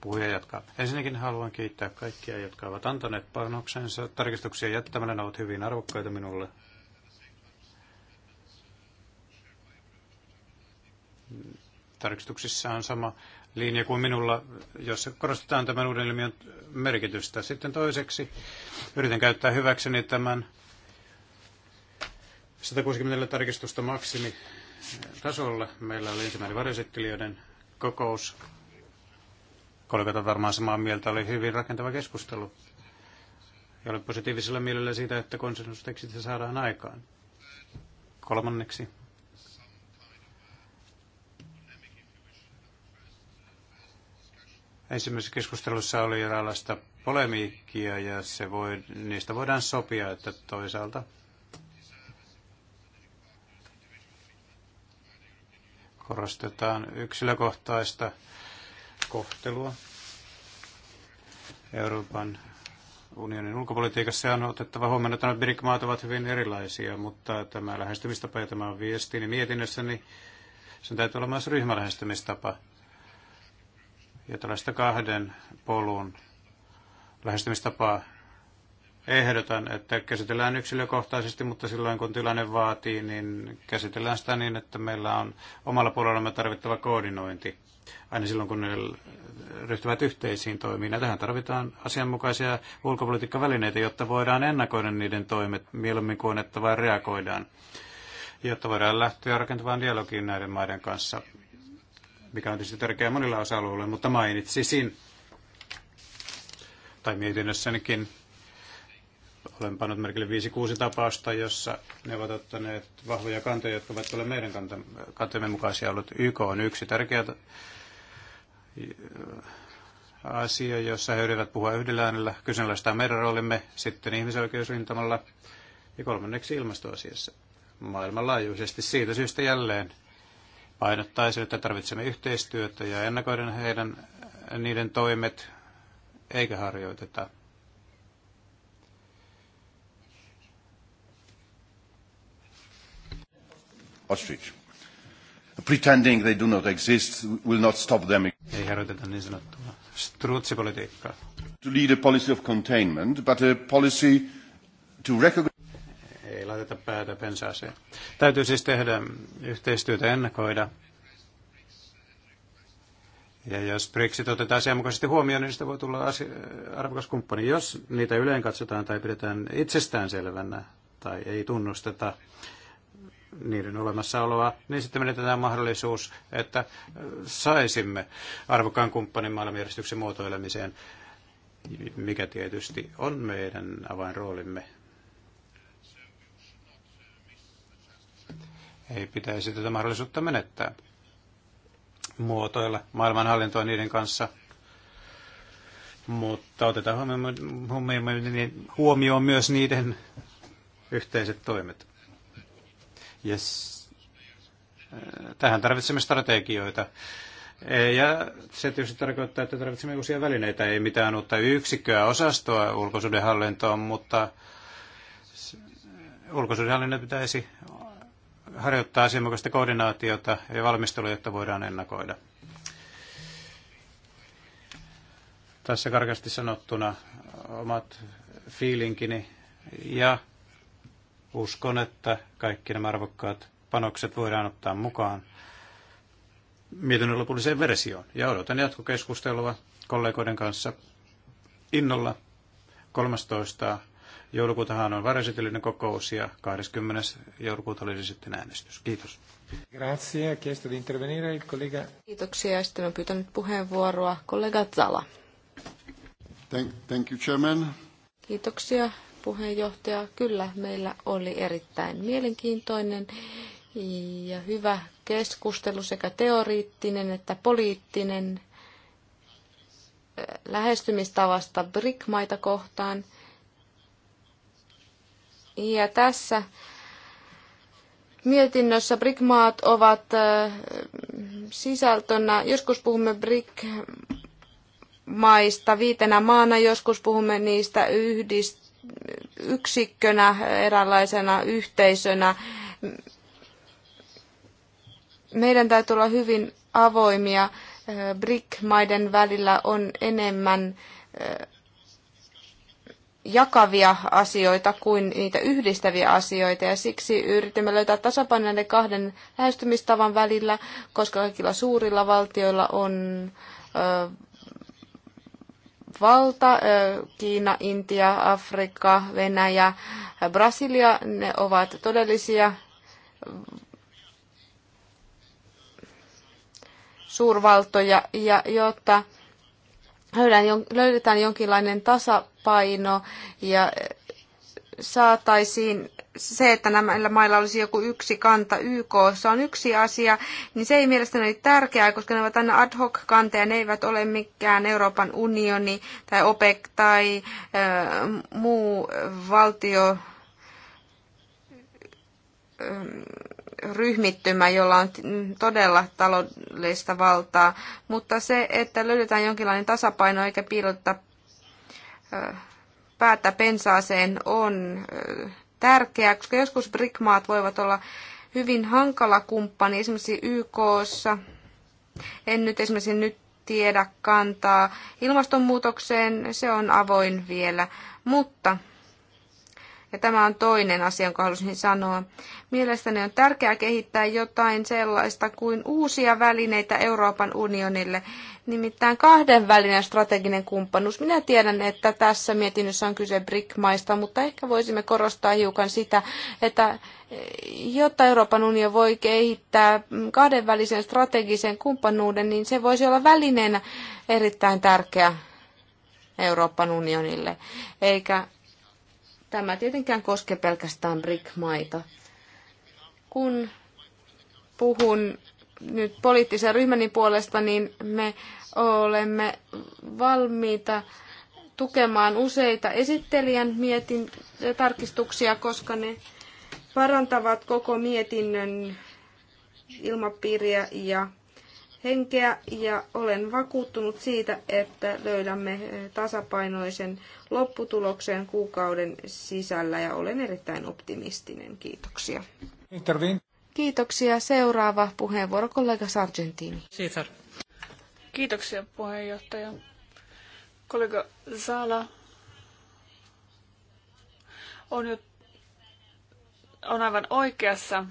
Puhuja jatkaa. Ensinnäkin haluan kiittää kaikkia, jotka ovat antaneet panoksensa. Tarkistuksia jättämällä ne ovat hyvin arvokkaita minulle. Tarkistuksissa on sama linja kuin minulla, jossa korostetaan tämän uuden ilmiön merkitystä. Sitten toiseksi yritän käyttää hyväkseni tämän 160 tarkistusta maksimi tasolla. Meillä oli ensimmäinen varjosettelijöiden kokous. Kollegat on varmaan samaa mieltä, oli hyvin rakentava keskustelu. Ja olen positiivisella mielellä siitä, että konsensustekstit saadaan aikaan. Kolmanneksi. Ensimmäisessä keskustelussa oli eräänlaista polemiikkia ja se voi, niistä voidaan sopia, että toisaalta Korostetaan yksilökohtaista kohtelua Euroopan unionin ulkopolitiikassa on otettava huomioon, että nämä BRIC-maat ovat hyvin erilaisia, mutta tämä lähestymistapa ja tämä viesti niin mietinnössä, niin sen täytyy olla myös ryhmälähestymistapa ja tällaista kahden polun lähestymistapaa ehdotan, että käsitellään yksilökohtaisesti, mutta silloin kun tilanne vaatii, niin käsitellään sitä niin, että meillä on omalla puolellamme tarvittava koordinointi aina silloin, kun ne ryhtyvät yhteisiin toimiin. Ja tähän tarvitaan asianmukaisia ulkopolitiikkavälineitä, jotta voidaan ennakoida niiden toimet mieluummin kuin että vain reagoidaan, jotta voidaan lähteä rakentavaan dialogiin näiden maiden kanssa, mikä on tietysti tärkeää monilla osa-alueilla, mutta mainitsisin tai mietinnössänikin olen pannut merkille 5-6 tapausta, jossa ne ovat ottaneet vahvoja kantoja, jotka ovat tulleet meidän kantojemme mukaisia ollut. YK on yksi tärkeä äh, asia, jossa he yrittävät puhua yhdellä äänellä, kyseenalaistaa meidän roolimme, sitten ihmisoikeusrintamalla ja kolmanneksi ilmastoasiassa. Maailmanlaajuisesti siitä syystä jälleen painottaisin, että tarvitsemme yhteistyötä ja ennakoiden heidän, niiden toimet, eikä harjoiteta ostrich. Pretending they do not exist will not stop them. Ei harjoiteta niin sanottua strutsipolitiikkaa. To lead a policy of containment, but a policy to recognize ei laiteta päätä pensaaseen. Täytyy siis tehdä yhteistyötä ennakoida. Ja jos Brexit otetaan asianmukaisesti huomioon, niin sitä voi tulla arvokas kumppani. Jos niitä yleen katsotaan tai pidetään itsestään selvänä tai ei tunnusteta, niiden olemassaoloa, niin sitten menetetään mahdollisuus, että äh, saisimme arvokkaan kumppanin maailmanjärjestyksen muotoilemiseen, mikä tietysti on meidän avainroolimme. Ei pitäisi tätä mahdollisuutta menettää muotoilla maailmanhallintoa niiden kanssa – mutta otetaan huomioon, huomioon myös niiden yhteiset toimet. Yes. Tähän tarvitsemme strategioita. Ja se tietysti tarkoittaa, että tarvitsemme uusia välineitä, ei mitään uutta yksikköä, osastoa ulkosuhdehallintoon, mutta ulkosuudenhallinnon pitäisi harjoittaa asianmukaista koordinaatiota ja valmistelua, jotta voidaan ennakoida. Tässä karkeasti sanottuna omat fiilinkini ja Uskon, että kaikki nämä arvokkaat panokset voidaan ottaa mukaan mietinnön lopulliseen versioon. Ja odotan jatkokeskustelua kollegoiden kanssa innolla. 13. joulukuutahan on varjositellinen kokous ja 20. joulukuuta olisi sitten äänestys. Kiitos. Grazie. Chiesto Kiitoksia. Sitten on pyytänyt puheenvuoroa kollega Zala. Thank, thank you, Chairman. Kiitoksia puheenjohtaja. Kyllä, meillä oli erittäin mielenkiintoinen ja hyvä keskustelu, sekä teoriittinen että poliittinen eh, lähestymistavasta BRIC-maita kohtaan. Ja tässä mietinnössä BRIC-maat ovat eh, sisältönä, joskus puhumme BRIC maista viitenä maana, joskus puhumme niistä yhdistä yksikkönä, eräänlaisena yhteisönä. Meidän täytyy olla hyvin avoimia. BRIC-maiden välillä on enemmän eh, jakavia asioita kuin niitä yhdistäviä asioita ja siksi yritimme löytää tasapainon näiden kahden lähestymistavan välillä, koska kaikilla suurilla valtioilla on ö, eh, valta, Kiina, Intia, Afrikka, Venäjä, Brasilia, ne ovat todellisia suurvaltoja ja jotta löydetään jonkinlainen tasapaino ja saataisiin se, että näillä mailla olisi joku yksi kanta YK, se on yksi asia, niin se ei mielestäni ole tärkeää, koska ne ovat aina ad hoc kanteja, ne eivät ole mikään Euroopan unioni tai OPEC tai ö, muu valtio ryhmittymä, jolla on todella taloudellista valtaa, mutta se, että löydetään jonkinlainen tasapaino eikä piilottaa päätä pensaaseen on tärkeää, koska joskus brikmaat voivat olla hyvin hankala kumppani, esimerkiksi YKssa. En nyt esimerkiksi nyt tiedä kantaa ilmastonmuutokseen, se on avoin vielä, mutta ja tämä on toinen asia, jonka halusin sanoa. Mielestäni on tärkeää kehittää jotain sellaista kuin uusia välineitä Euroopan unionille, nimittäin kahdenvälinen strateginen kumppanuus. Minä tiedän, että tässä mietinnössä on kyse BRIC-maista, mutta ehkä voisimme korostaa hiukan sitä, että jotta Euroopan unioni voi kehittää kahdenvälisen strategisen kumppanuuden, niin se voisi olla välineenä erittäin tärkeä Euroopan unionille, eikä Tämä tietenkään koske pelkästään rikmaita. Kun puhun nyt poliittisen ryhmäni puolesta, niin me olemme valmiita tukemaan useita esittelijän mietin tarkistuksia, koska ne parantavat koko mietinnön ilmapiiriä ja henkeä ja olen vakuuttunut siitä, että löydämme eh, tasapainoisen lopputuloksen kuukauden sisällä ja olen erittäin optimistinen. Kiitoksia. Intervin. Kiitoksia. Seuraava puheenvuoro kollega Sargentini. Cesar. Kiitoksia puheenjohtaja. Kollega Zala on jo on aivan oikeassa.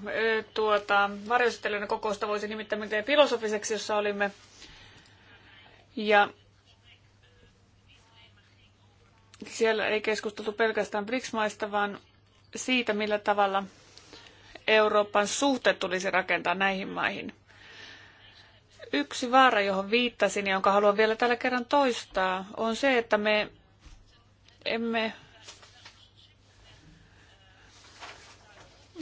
Tuota, varjoesittelyyn kokousta voisi nimittää miten filosofiseksi, jossa olimme. Ja siellä ei keskusteltu pelkästään BRICS-maista, vaan siitä, millä tavalla Euroopan suhteet tulisi rakentaa näihin maihin. Yksi vaara, johon viittasin ja jonka haluan vielä tällä kerran toistaa, on se, että me emme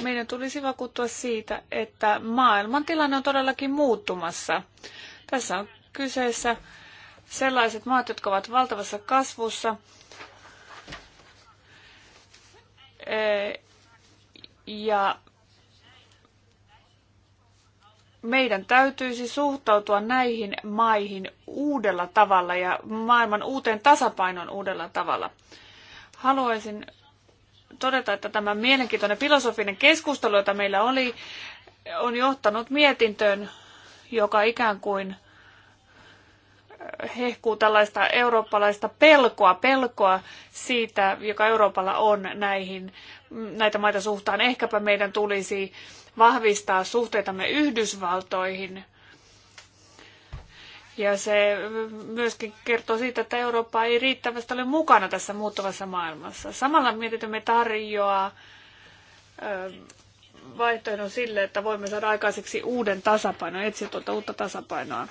meidän tulisi vakuuttua siitä, että maailman tilanne on todellakin muuttumassa. Tässä on kyseessä sellaiset maat, jotka ovat valtavassa kasvussa, eh, ja meidän täytyisi suhtautua näihin maihin uudella tavalla ja maailman uuteen tasapainoon uudella tavalla. Haluaisin todeta, että tämä mielenkiintoinen filosofinen keskustelu, jota meillä oli, on johtanut mietintöön, joka ikään kuin eh, hehkuu tällaista eurooppalaista pelkoa, pelkoa siitä, joka Euroopalla on näihin, näitä maita suhtaan. Ehkäpä meidän tulisi vahvistaa suhteitamme Yhdysvaltoihin – ja se myöskin kertoo siitä, että Eurooppa ei riittävästi ole mukana tässä muuttuvassa maailmassa. Samalla mietitymme tarjoaa vaihtoehdon sille, että voimme saada aikaiseksi uuden tasapainon, etsiä tuota uutta tasapainoa.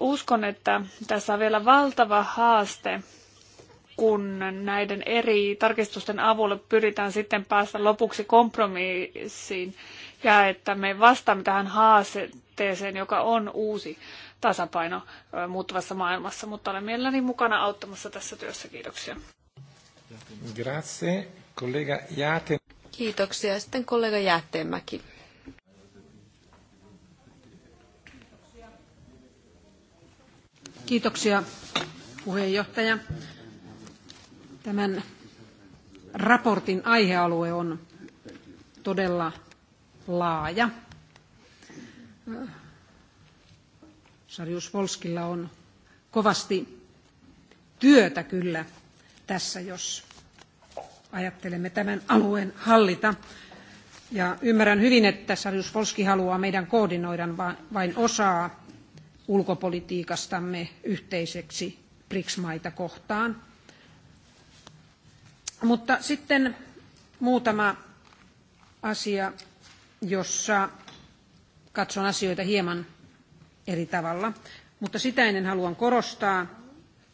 Uskon, että tässä on vielä valtava haaste, kun näiden eri tarkistusten avulla pyritään sitten päästä lopuksi kompromissiin ja että me vastaamme tähän haasteeseen, joka on uusi tasapaino muuttuvassa maailmassa, mutta olen mielelläni mukana auttamassa tässä työssä. Kiitoksia. Grazie, kollega Jäte. Kiitoksia. Sitten kollega Jäätteenmäki. Kiitoksia puheenjohtaja. Tämän raportin aihealue on todella laaja. Sarjus Volskilla on kovasti työtä kyllä tässä, jos ajattelemme tämän alueen hallita. Ja ymmärrän hyvin, että Sarjus Volski haluaa meidän koordinoidan vain osaa ulkopolitiikastamme yhteiseksi BRICS-maita kohtaan. Mutta sitten muutama asia, jossa katson asioita hieman eri tavalla. Mutta sitä ennen haluan korostaa,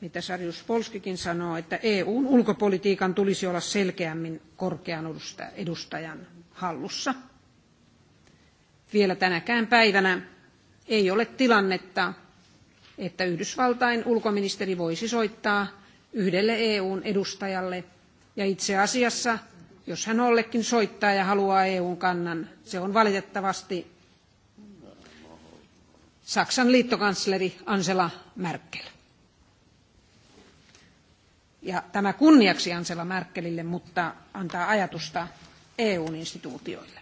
mitä Sarjus Polskikin sanoo, että EUn ulkopolitiikan tulisi olla selkeämmin korkean edustajan hallussa. Vielä tänäkään päivänä ei ole tilannetta, että Yhdysvaltain ulkoministeri voisi soittaa yhdelle EUn edustajalle. Ja itse asiassa, jos hän ollekin soittaa ja haluaa EUn kannan, se on valitettavasti Saksan liittokansleri Angela Merkel. Ja tämä kunniaksi Angela Merkelille, mutta antaa ajatusta EUn instituutioille.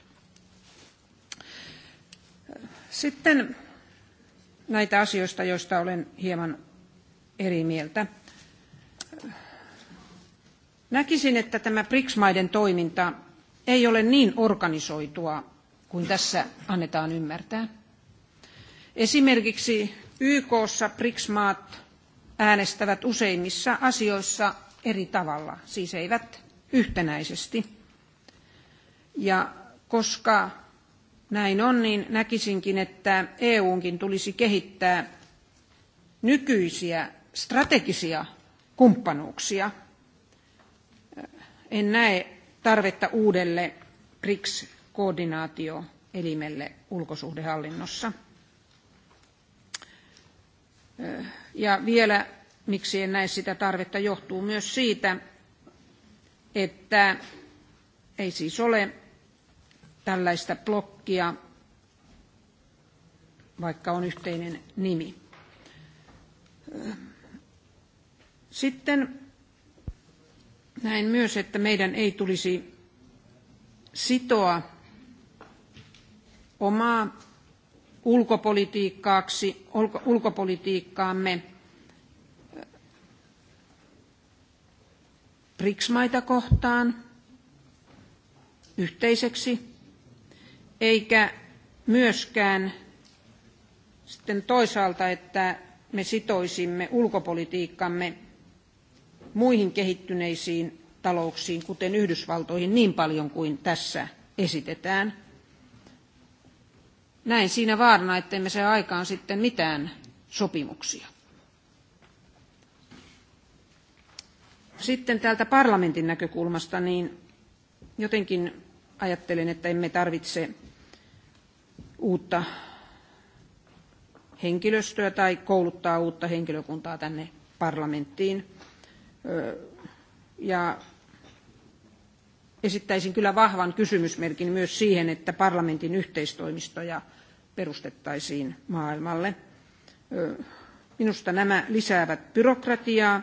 Sitten näitä asioista, joista olen hieman eri mieltä. Näkisin, että tämä BRICS-maiden toiminta ei ole niin organisoitua kuin tässä annetaan ymmärtää Esimerkiksi YKssa BRICS-maat äänestävät useimmissa asioissa eri tavalla, siis eivät yhtenäisesti. Ja koska näin on, niin näkisinkin, että EUnkin tulisi kehittää nykyisiä strategisia kumppanuuksia. En näe tarvetta uudelle BRICS-koordinaatioelimelle ulkosuhdehallinnossa. Ja vielä, miksi en näe sitä tarvetta, johtuu myös siitä, että ei siis ole tällaista blokkia, vaikka on yhteinen nimi. Sitten näin myös, että meidän ei tulisi sitoa omaa ulkopolitiikkaaksi, ulkopolitiikkaamme BRICS-maita kohtaan yhteiseksi, eikä myöskään sitten toisaalta, että me sitoisimme ulkopolitiikkamme muihin kehittyneisiin talouksiin, kuten Yhdysvaltoihin, niin paljon kuin tässä esitetään näin siinä vaarana, että emme saa aikaan sitten mitään sopimuksia. Sitten täältä parlamentin näkökulmasta, niin jotenkin ajattelen, että emme tarvitse uutta henkilöstöä tai kouluttaa uutta henkilökuntaa tänne parlamenttiin. Ja esittäisin kyllä vahvan kysymysmerkin myös siihen, että parlamentin yhteistoimistoja perustettaisiin maailmalle. Minusta nämä lisäävät byrokratiaa,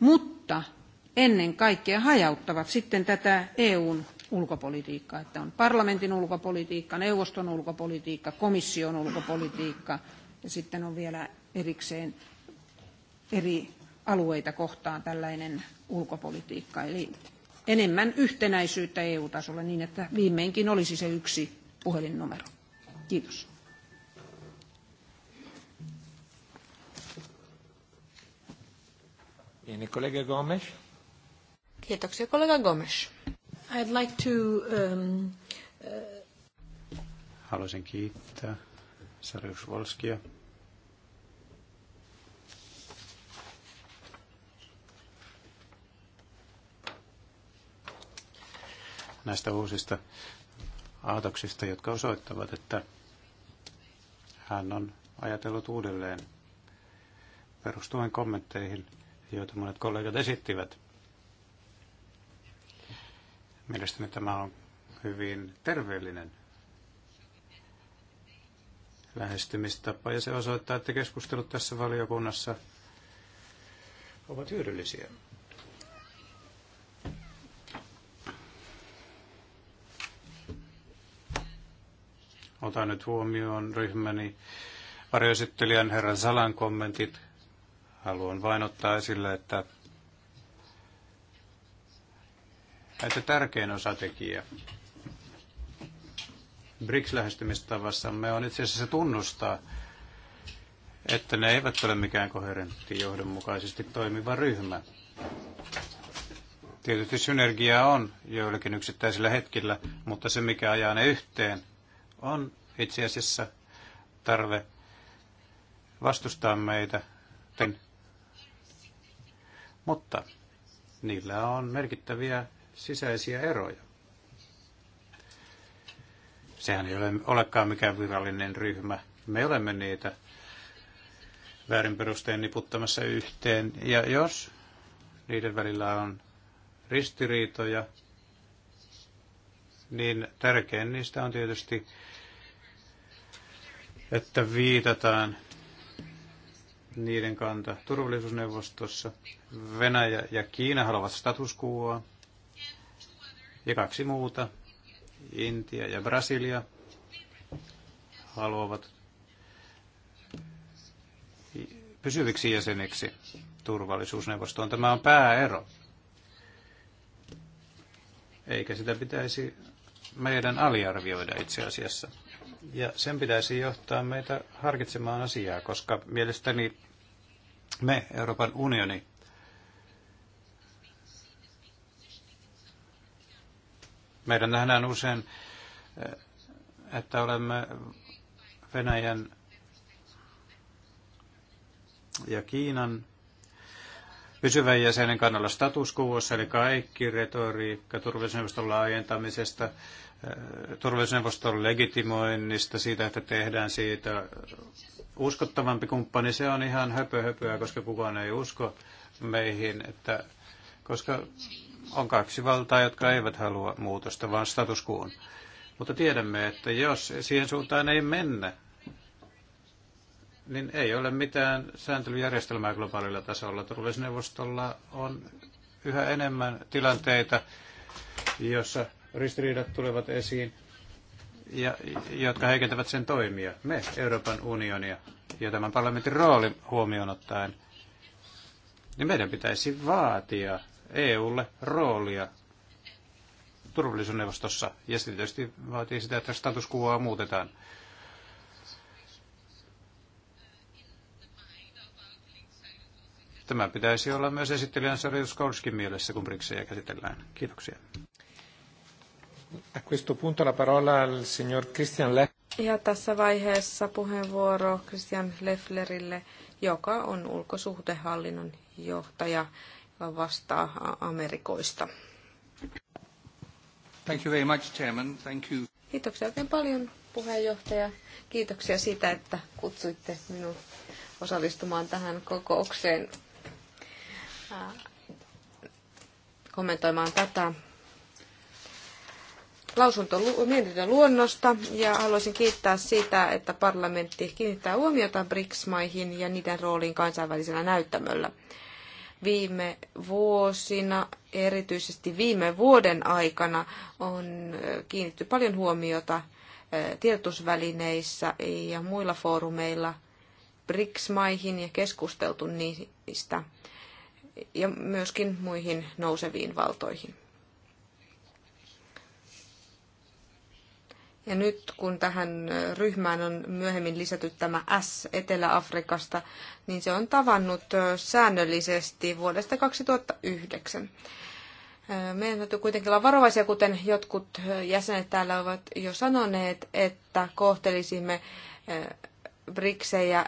mutta ennen kaikkea hajauttavat sitten tätä EUn ulkopolitiikkaa, että on parlamentin ulkopolitiikka, neuvoston ulkopolitiikka, komission ulkopolitiikka ja sitten on vielä erikseen eri alueita kohtaan tällainen ulkopolitiikka. Eli enemmän yhtenäisyyttä EU-tasolla niin, että viimeinkin olisi se yksi puhelinnumero. Kiitos. kollega Gomes. Kiitoksia, kollega Gomes. I'd like to, um, uh... Haluaisin kiittää Sarius Volskia näistä uusista aatoksista, jotka osoittavat, että hän on ajatellut uudelleen perustuen kommentteihin, joita monet kollegat esittivät. Mielestäni tämä on hyvin terveellinen lähestymistapa ja se osoittaa, että keskustelut tässä valiokunnassa ovat hyödyllisiä. Otan nyt huomioon ryhmäni varjoesittelijän herran Salan kommentit. Haluan vain ottaa esille, että, että tärkein osatekijä BRICS-lähestymistavassamme on itse asiassa tunnustaa, että ne eivät ole mikään koherentti johdonmukaisesti toimiva ryhmä. Tietysti synergiaa on joillakin yksittäisillä hetkillä, mutta se mikä ajaa ne yhteen on itse asiassa tarve vastustaa meitä. Mutta niillä on merkittäviä sisäisiä eroja. Sehän ei ole olekaan mikään virallinen ryhmä. Me olemme niitä väärin perustein niputtamassa yhteen. Ja jos niiden välillä on ristiriitoja, niin tärkein niistä on tietysti että viitataan niiden kanta turvallisuusneuvostossa. Venäjä ja Kiina haluavat status quoa ja kaksi muuta, Intia ja Brasilia, haluavat pysyviksi jäseniksi turvallisuusneuvostoon. Tämä on pääero. Eikä sitä pitäisi meidän aliarvioida itse asiassa. Ja sen pitäisi johtaa meitä harkitsemaan asiaa, koska mielestäni me, Euroopan unioni, meidän nähdään usein, eh, että olemme Venäjän ja Kiinan pysyvän jäsenen kannalla status quoissa, eli kaikki retoriikka turvallisuusneuvoston laajentamisesta turvallisuusneuvoston legitimoinnista, siitä, että tehdään siitä uskottavampi kumppani, se on ihan höpöhöpöä, koska kukaan ei usko meihin, että, koska on kaksi valtaa, jotka eivät halua muutosta, vaan status quo. Mutta tiedämme, että jos siihen suuntaan ei mennä, niin ei ole mitään sääntelyjärjestelmää globaalilla tasolla. Turvallisuusneuvostolla on yhä enemmän tilanteita, jossa ristiriidat tulevat esiin, ja, jotka heikentävät sen toimia. Me, Euroopan unionia ja tämän parlamentin rooli huomioon ottaen, niin meidän pitäisi vaatia EUlle roolia turvallisuusneuvostossa. Ja se tietysti vaatii sitä, että status quoa muutetaan. Tämä pitäisi olla myös esittelijän Sarius Kolskin mielessä, kun BRICSejä käsitellään. Kiitoksia. A questo punto la parola al signor Christian Ja tässä vaiheessa puheenvuoro Christian Lefflerille, joka on ulkosuhdehallinnon johtaja, joka vastaa Amerikoista. Thank you very much, Chairman. Thank you. Kiitoksia oikein paljon, puheenjohtaja. Kiitoksia siitä, että kutsuitte minut osallistumaan tähän kokoukseen kommentoimaan tätä lausunto, mietintö luonnosta ja haluaisin kiittää siitä, että parlamentti kiinnittää huomiota BRICS-maihin ja niiden rooliin kansainvälisellä näyttämöllä. Viime vuosina, erityisesti viime vuoden aikana, on kiinnitty paljon huomiota tiedotusvälineissä ja muilla foorumeilla BRICS-maihin ja keskusteltu niistä ja myöskin muihin nouseviin valtoihin. Ja nyt kun tähän ryhmään on myöhemmin lisätty tämä S Etelä-Afrikasta, niin se on tavannut säännöllisesti vuodesta 2009. Meidän täytyy kuitenkin olla varovaisia, kuten jotkut jäsenet täällä ovat jo sanoneet, että kohtelisimme BRICSejä,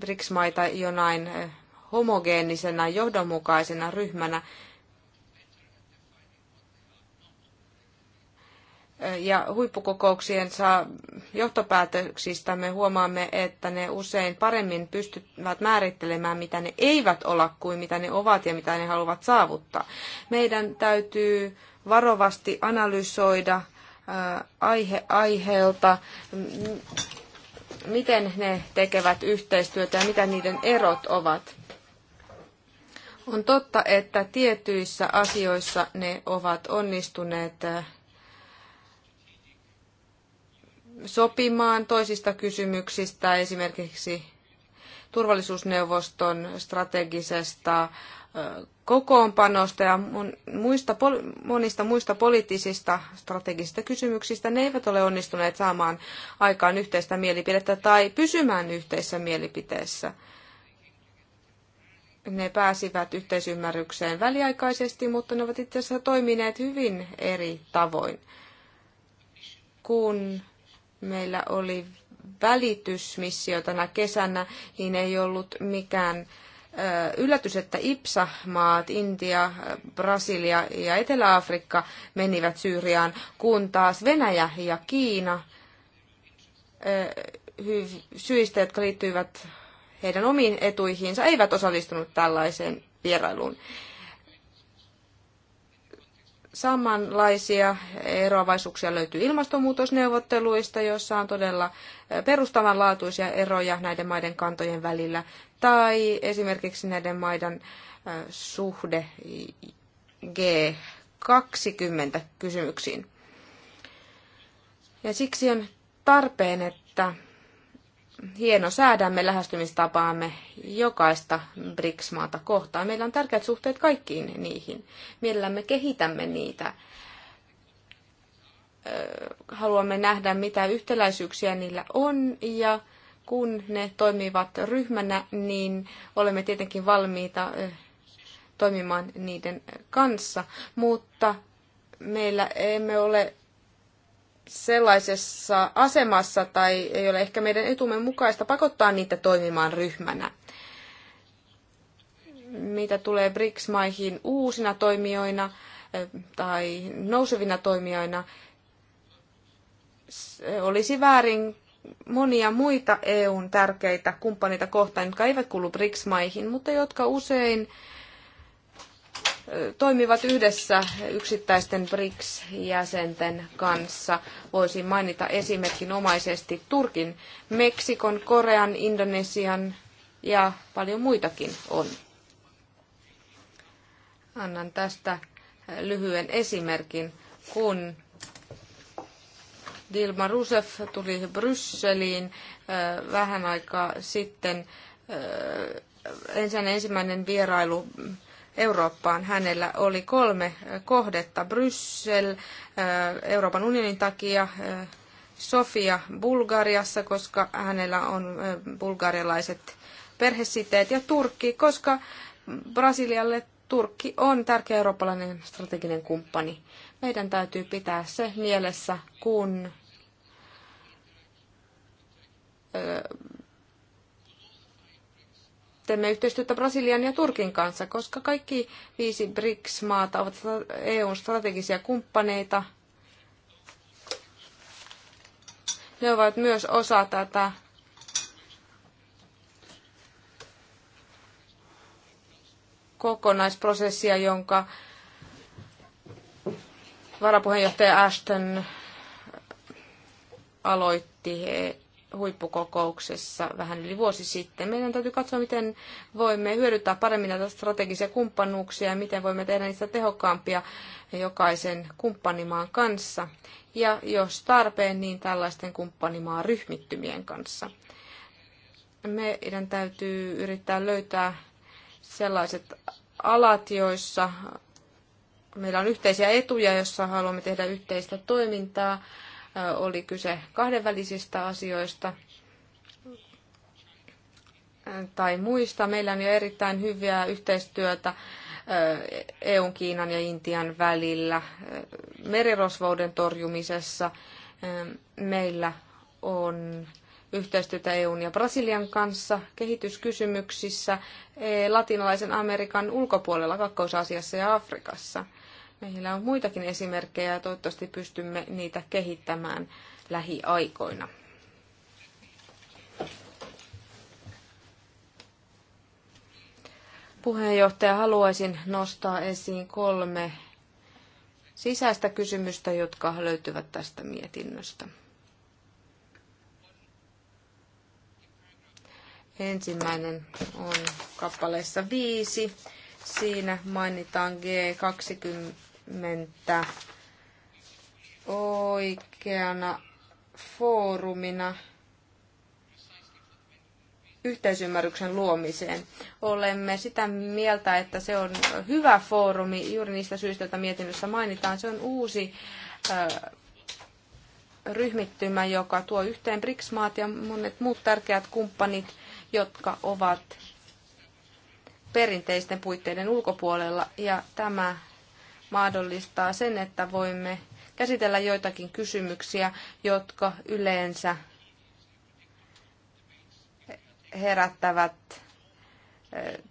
BRICS-maita jonain homogeenisena, johdonmukaisena ryhmänä, ja johtopäätöksistä me huomaamme, että ne usein paremmin pystyvät määrittelemään, mitä ne eivät olla kuin mitä ne ovat ja mitä ne haluavat saavuttaa. Meidän täytyy varovasti analysoida äh, aihe aiheelta, miten ne tekevät yhteistyötä ja mitä niiden erot ovat. On totta, että tietyissä asioissa ne ovat onnistuneet äh, sopimaan toisista kysymyksistä, esimerkiksi turvallisuusneuvoston strategisesta kokoonpanosta ja muista, monista muista poliittisista strategisista kysymyksistä. Ne eivät ole onnistuneet saamaan aikaan yhteistä mielipidettä tai pysymään yhteisessä mielipiteessä. Ne pääsivät yhteisymmärrykseen väliaikaisesti, mutta ne ovat itse asiassa toimineet hyvin eri tavoin. Kun meillä oli välitysmissio tänä kesänä, niin ei ollut mikään yllätys, että IPSA-maat, Intia, Brasilia ja Etelä-Afrikka menivät Syyriaan, kun taas Venäjä ja Kiina syistä, jotka liittyivät heidän omiin etuihinsa, eivät osallistunut tällaiseen vierailuun. Samanlaisia eroavaisuuksia löytyy ilmastonmuutosneuvotteluista, joissa on todella perustavanlaatuisia eroja näiden maiden kantojen välillä, tai esimerkiksi näiden maiden suhde G20-kysymyksiin. Ja siksi on tarpeen, että hieno säädämme lähestymistapaamme jokaista BRICS-maata kohtaan. Meillä on tärkeät suhteet kaikkiin niihin. Mielellämme kehitämme niitä. Haluamme nähdä, mitä yhtäläisyyksiä niillä on ja kun ne toimivat ryhmänä, niin olemme tietenkin valmiita toimimaan niiden kanssa, mutta meillä emme ole sellaisessa asemassa tai ei ole ehkä meidän etumme mukaista pakottaa niitä toimimaan ryhmänä. Mitä tulee BRICS-maihin uusina toimijoina eh, tai nousevina toimijoina, eh, olisi väärin monia muita EUn tärkeitä kumppaneita kohtaan, jotka eivät kuulu BRICS-maihin, mutta jotka usein toimivat yhdessä yksittäisten BRICS-jäsenten kanssa. Voisin mainita esimerkinomaisesti Turkin, Meksikon, Korean, Indonesian ja paljon muitakin on. Annan tästä lyhyen esimerkin. Kun Dilma Rousseff tuli Brysseliin vähän aikaa sitten, ensin ensimmäinen vierailu Eurooppaan. Hänellä oli kolme eh, kohdetta, Bryssel eh, Euroopan unionin takia, eh, Sofia Bulgariassa, koska hänellä on bulgarialaiset perhesiteet, ja Turkki, koska Brasilialle Turkki on tärkeä eurooppalainen strateginen kumppani. Meidän täytyy pitää se mielessä, kun teemme yhteistyötä Brasilian ja Turkin kanssa, koska kaikki viisi BRICS-maata ovat EUn strategisia kumppaneita. Ne ovat myös osa tätä kokonaisprosessia, jonka varapuheenjohtaja Ashton aloitti huippukokouksessa vähän yli vuosi sitten. Meidän täytyy katsoa, miten voimme hyödyntää paremmin näitä strategisia kumppanuuksia ja miten voimme tehdä niistä tehokkaampia jokaisen kumppanimaan kanssa. Ja jos tarpeen, niin tällaisten kumppanimaan ryhmittymien kanssa. Meidän täytyy yrittää löytää sellaiset alat, joissa meillä on yhteisiä etuja, joissa haluamme tehdä yhteistä toimintaa oli kyse kahdenvälisistä asioista tai muista. Meillä on jo erittäin hyviä yhteistyötä EUn, Kiinan ja Intian välillä merirosvouden torjumisessa. Meillä on yhteistyötä EUn ja Brasilian kanssa kehityskysymyksissä e, latinalaisen Amerikan ulkopuolella, Kakkoisasiassa ja Afrikassa. Meillä on muitakin esimerkkejä ja toivottavasti pystymme niitä kehittämään lähiaikoina. Puheenjohtaja, haluaisin nostaa esiin kolme sisäistä kysymystä, jotka löytyvät tästä mietinnöstä. Ensimmäinen on kappaleessa viisi. Siinä mainitaan G20 mentä oikeana foorumina yhteisymmärryksen luomiseen. Olemme sitä mieltä, että se on hyvä foorumi juuri niistä syistä, joita mietinnössä mainitaan. Se on uusi ryhmittymä, joka tuo yhteen BRICS-maat ja monet muut tärkeät kumppanit, jotka ovat perinteisten puitteiden ulkopuolella. Ja tämä mahdollistaa sen, että voimme käsitellä joitakin kysymyksiä, jotka yleensä herättävät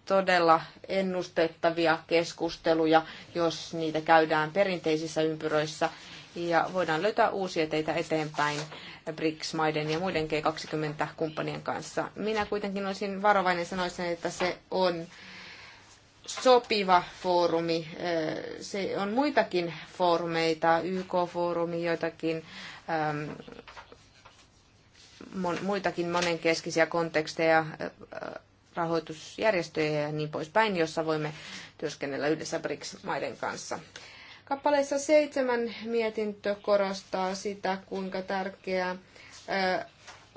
todella ennustettavia keskusteluja, jos niitä käydään perinteisissä ympyröissä. Ja voidaan löytää uusia teitä eteenpäin BRICS-maiden ja muiden G20-kumppanien kanssa. Minä kuitenkin olisin varovainen sanoisin, että se on sopiva foorumi. Se on muitakin foorumeita, YK-foorumi, joitakin muitakin monenkeskisiä konteksteja, rahoitusjärjestöjä ja niin poispäin, jossa voimme työskennellä yhdessä BRICS-maiden kanssa. Kappaleessa seitsemän mietintö korostaa sitä, kuinka tärkeää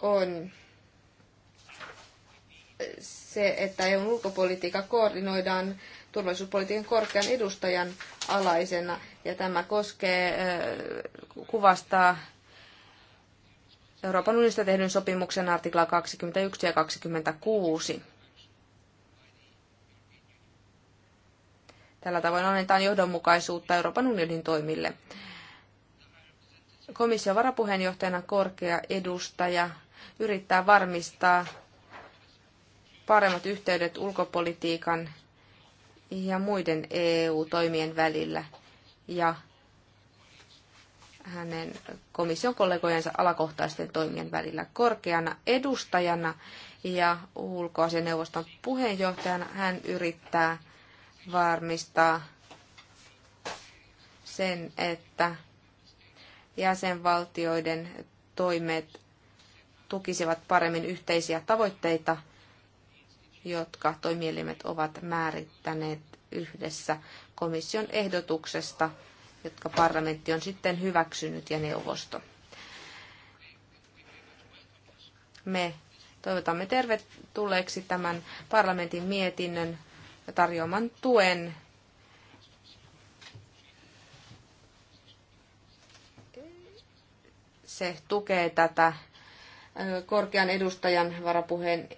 on se, että EUn ulkopolitiikka koordinoidaan turvallisuuspolitiikan korkean edustajan alaisena. Ja tämä koskee, kuvastaa Euroopan unionista tehdyn sopimuksen artikla 21 ja 26. Tällä tavoin annetaan johdonmukaisuutta Euroopan unionin toimille. Komission varapuheenjohtajana korkea edustaja yrittää varmistaa paremmat yhteydet ulkopolitiikan ja muiden EU-toimien välillä ja hänen komission kollegojensa alakohtaisten toimien välillä korkeana edustajana ja ulkoasianeuvoston puheenjohtajana hän yrittää varmistaa sen, että jäsenvaltioiden toimet tukisivat paremmin yhteisiä tavoitteita – jotka toimielimet ovat määrittäneet yhdessä komission ehdotuksesta, jotka parlamentti on sitten hyväksynyt ja neuvosto. Me toivotamme tervetulleeksi tämän parlamentin mietinnön tarjoaman tuen se tukee tätä korkean edustajan varapuheen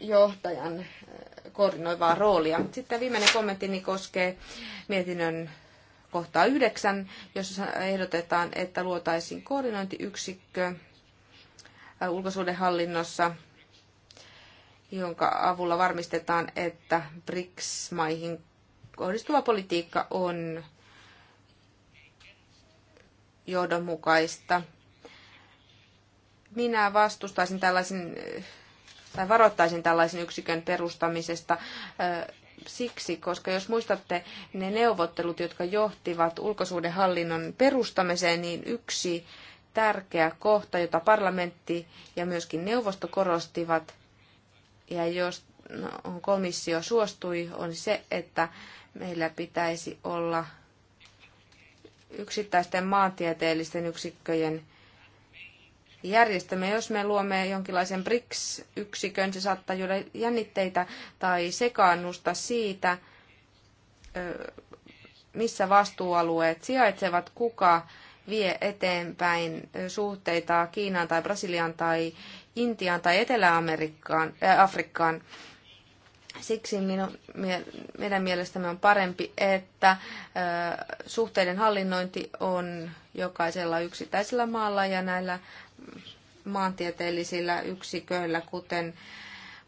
johtajan eh, koordinoivaa roolia. Sitten viimeinen kommenttini koskee mietinnön kohtaa yhdeksän, jossa ehdotetaan, että luotaisiin koordinointiyksikkö eh, ulkosuhdehallinnossa, jonka avulla varmistetaan, että BRICS-maihin kohdistuva politiikka on johdonmukaista. Minä vastustaisin tällaisen eh, tai varoittaisin tällaisen yksikön perustamisesta siksi, koska jos muistatte ne neuvottelut, jotka johtivat ulkosuudenhallinnon perustamiseen, niin yksi tärkeä kohta, jota parlamentti ja myöskin neuvosto korostivat, ja jos no, komissio suostui, on se, että meillä pitäisi olla yksittäisten maantieteellisten yksikköjen järjestämme. Jos me luomme jonkinlaisen BRICS-yksikön, se saattaa juoda jännitteitä tai sekaannusta siitä, missä vastuualueet sijaitsevat, kuka vie eteenpäin suhteita Kiinaan tai Brasilian tai Intiaan tai Etelä-Amerikkaan, äh, Afrikkaan. Siksi minun, meidän mielestämme on parempi, että suhteiden hallinnointi on jokaisella yksittäisellä maalla ja näillä maantieteellisillä yksiköillä, kuten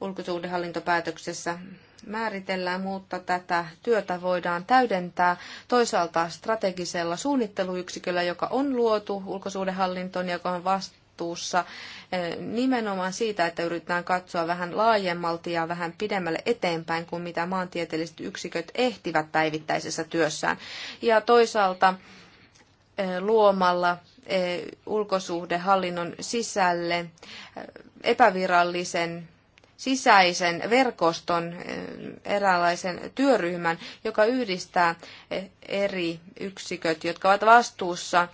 ulkosuhdehallintopäätöksessä määritellään, mutta tätä työtä voidaan täydentää toisaalta strategisella suunnitteluyksiköllä, joka on luotu ulkosuhdehallintoon, joka on vastuussa eh, nimenomaan siitä, että yritetään katsoa vähän laajemmalti ja vähän pidemmälle eteenpäin kuin mitä maantieteelliset yksiköt ehtivät päivittäisessä työssään. Ja toisaalta eh, luomalla Eh, ulkosuhdehallinnon sisälle eh, epävirallisen sisäisen verkoston, eh, eräänlaisen työryhmän, joka yhdistää eri yksiköt, jotka ovat vastuussa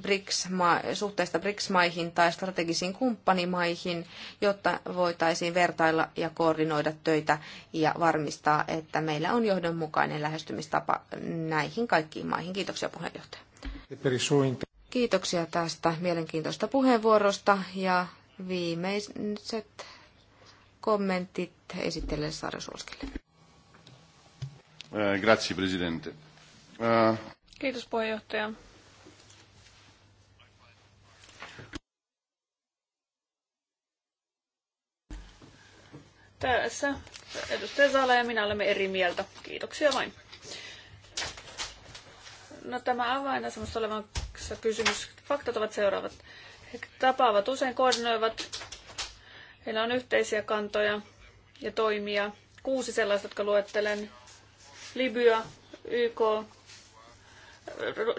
BRICS, suhteesta BRICS-maihin tai strategisiin kumppanimaihin, jotta voitaisiin vertailla ja koordinoida töitä ja varmistaa, että meillä on johdonmukainen lähestymistapa näihin kaikkiin maihin. Kiitoksia puheenjohtaja. Kiitoksia tästä mielenkiintoista puheenvuorosta ja viimeiset kommentit esittelee Saara Suoskille. Eh, grazie, presidente. Eh. Kiitos puheenjohtaja. Tässä edustaja Sala ja minä olemme eri mieltä. Kiitoksia vain. No tämä avainasemassa olevassa kysymys. Faktat ovat seuraavat. He tapaavat usein, koordinoivat. Heillä on yhteisiä kantoja ja toimia. Kuusi sellaista, jotka luettelen. Libya, YK,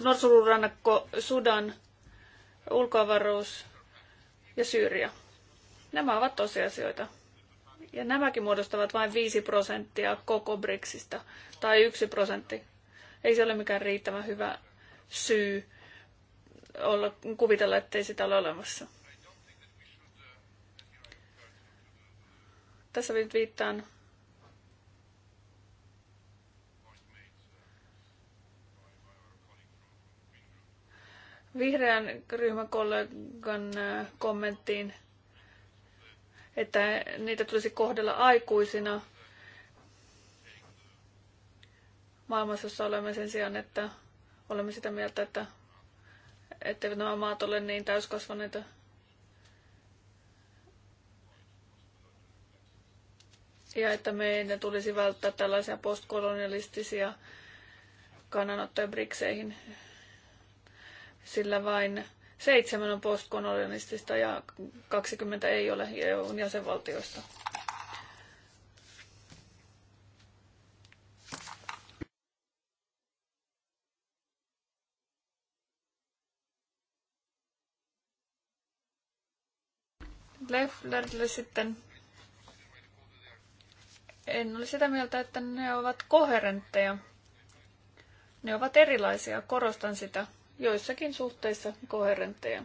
Norsulurannakko, Sudan, ulkoavaruus ja Syyria. Nämä ovat tosiasioita. Ja nämäkin muodostavat vain 5 prosenttia koko BRICSistä, tai 1 prosentti ei se ole mikään riittävän hyvä syy olla, kuvitella, ettei sitä ole olemassa. Tässä nyt viittaan vihreän ryhmäkollegan äh, kommenttiin, että niitä tulisi kohdella aikuisina – maailmassa, jossa olemme sen sijaan, että olemme sitä mieltä, että etteivät nämä maat ole niin täyskasvaneita. Ja että meidän tulisi välttää tällaisia postkolonialistisia kannanottoja brikseihin, sillä vain seitsemän on postkolonialistista ja 20 ei ole EUn jäsenvaltioista. Lefflerille sitten en ole sitä mieltä, että ne ovat koherentteja. Ne ovat erilaisia, korostan sitä, joissakin suhteissa koherentteja.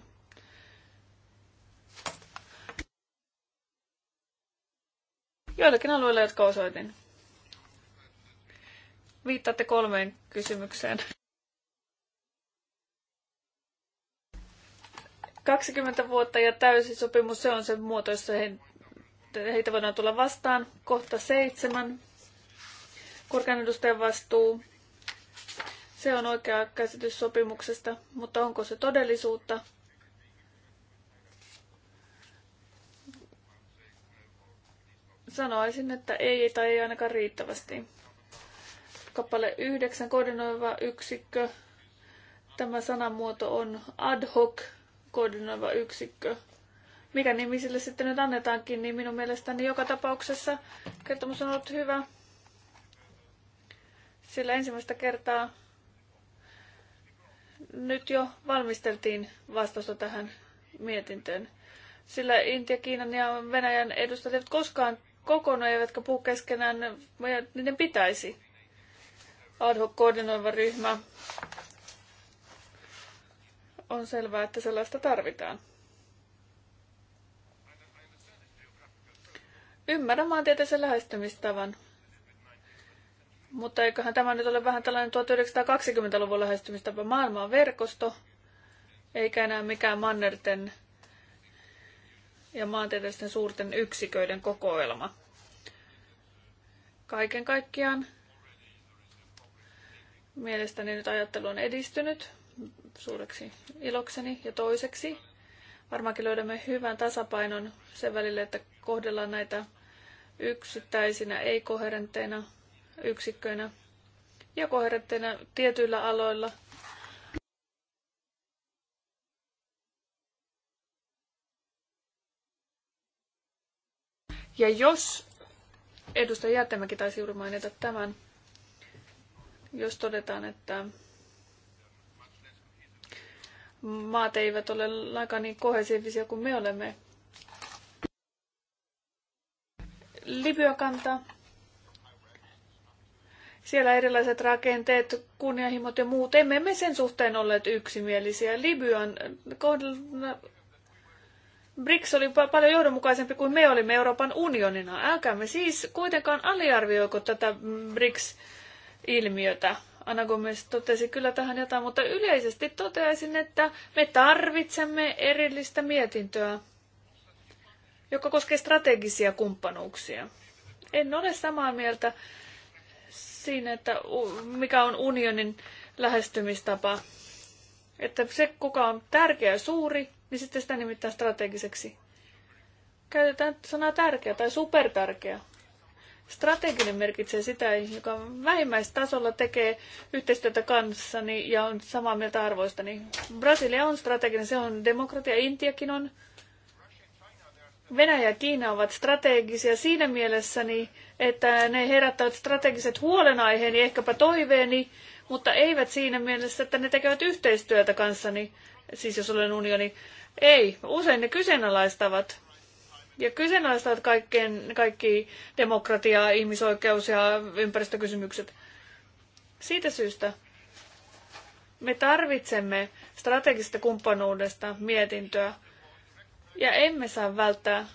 Joillakin alueilla, jotka osoitin. Viittaatte kolmeen kysymykseen. 20 vuotta ja täysi sopimus, se on sen muoto, jossa he, heitä voidaan tulla vastaan. Kohta seitsemän. Korkean edustajan vastuu. Se on oikea käsitys sopimuksesta, mutta onko se todellisuutta? Sanoisin, että ei tai ei ainakaan riittävästi. Kappale 9, koordinoiva yksikkö. Tämä sanamuoto on ad hoc koordinoiva yksikkö. Mikä nimi sille sitten nyt annetaankin, niin minun mielestäni joka tapauksessa kertomus on ollut hyvä. Sillä ensimmäistä kertaa nyt jo valmisteltiin vastausta tähän mietintöön. Sillä Intia, Kiinan ja Venäjän edustajat eivät koskaan kokonaan, eivätkä puhu keskenään, niiden pitäisi. Ad hoc koordinoiva ryhmä on selvää, että sellaista tarvitaan. Ymmärrän maantieteisen lähestymistavan. Mutta eiköhän tämä nyt ole vähän tällainen 1920-luvun lähestymistapa. Maailma on verkosto, eikä enää mikään mannerten ja maantieteellisten suurten yksiköiden kokoelma. Kaiken kaikkiaan mielestäni nyt ajattelu on edistynyt suureksi ilokseni. Ja toiseksi varmaankin löydämme hyvän tasapainon sen välille, että kohdellaan näitä yksittäisinä, ei-koherentteina yksikköinä ja koherentteina tietyillä aloilla. Ja jos edustaja Jätemäki taisi juuri mainita tämän, jos todetaan, että maat eivät ole lainkaan niin kohesiivisia kuin me olemme. Libya kantaa. Siellä erilaiset rakenteet, kunnianhimot ja muut. Emme me sen suhteen olleet yksimielisiä. Libyan kohdalla BRICS oli paljon johdonmukaisempi kuin me olimme Euroopan unionina. Älkäämme siis kuitenkaan aliarvioiko tätä BRICS-ilmiötä. Anna Gomez totesi kyllä tähän jotain, mutta yleisesti toteaisin, että me tarvitsemme erillistä mietintöä, joka koskee strategisia kumppanuuksia. En ole samaa mieltä siinä, että mikä on unionin lähestymistapa. Että se, kuka on tärkeä ja suuri, niin sitten sitä nimittää strategiseksi. Käytetään sanaa tärkeä tai supertärkeä. Strateginen merkitsee sitä, joka vähimmäistasolla tekee yhteistyötä kanssani ja on samaa mieltä arvoistani. Brasilia on strateginen, se on demokratia, Intiakin on. Venäjä ja Kiina ovat strategisia siinä mielessäni, että ne herättävät strategiset huolenaiheeni, ehkäpä toiveeni, mutta eivät siinä mielessä, että ne tekevät yhteistyötä kanssani, siis jos olen unioni. Ei, usein ne kyseenalaistavat ja kyseenalaistavat kaikkeen, kaikki demokratia, ihmisoikeus ja ympäristökysymykset. Siitä syystä me tarvitsemme strategisesta kumppanuudesta mietintöä ja emme saa välttää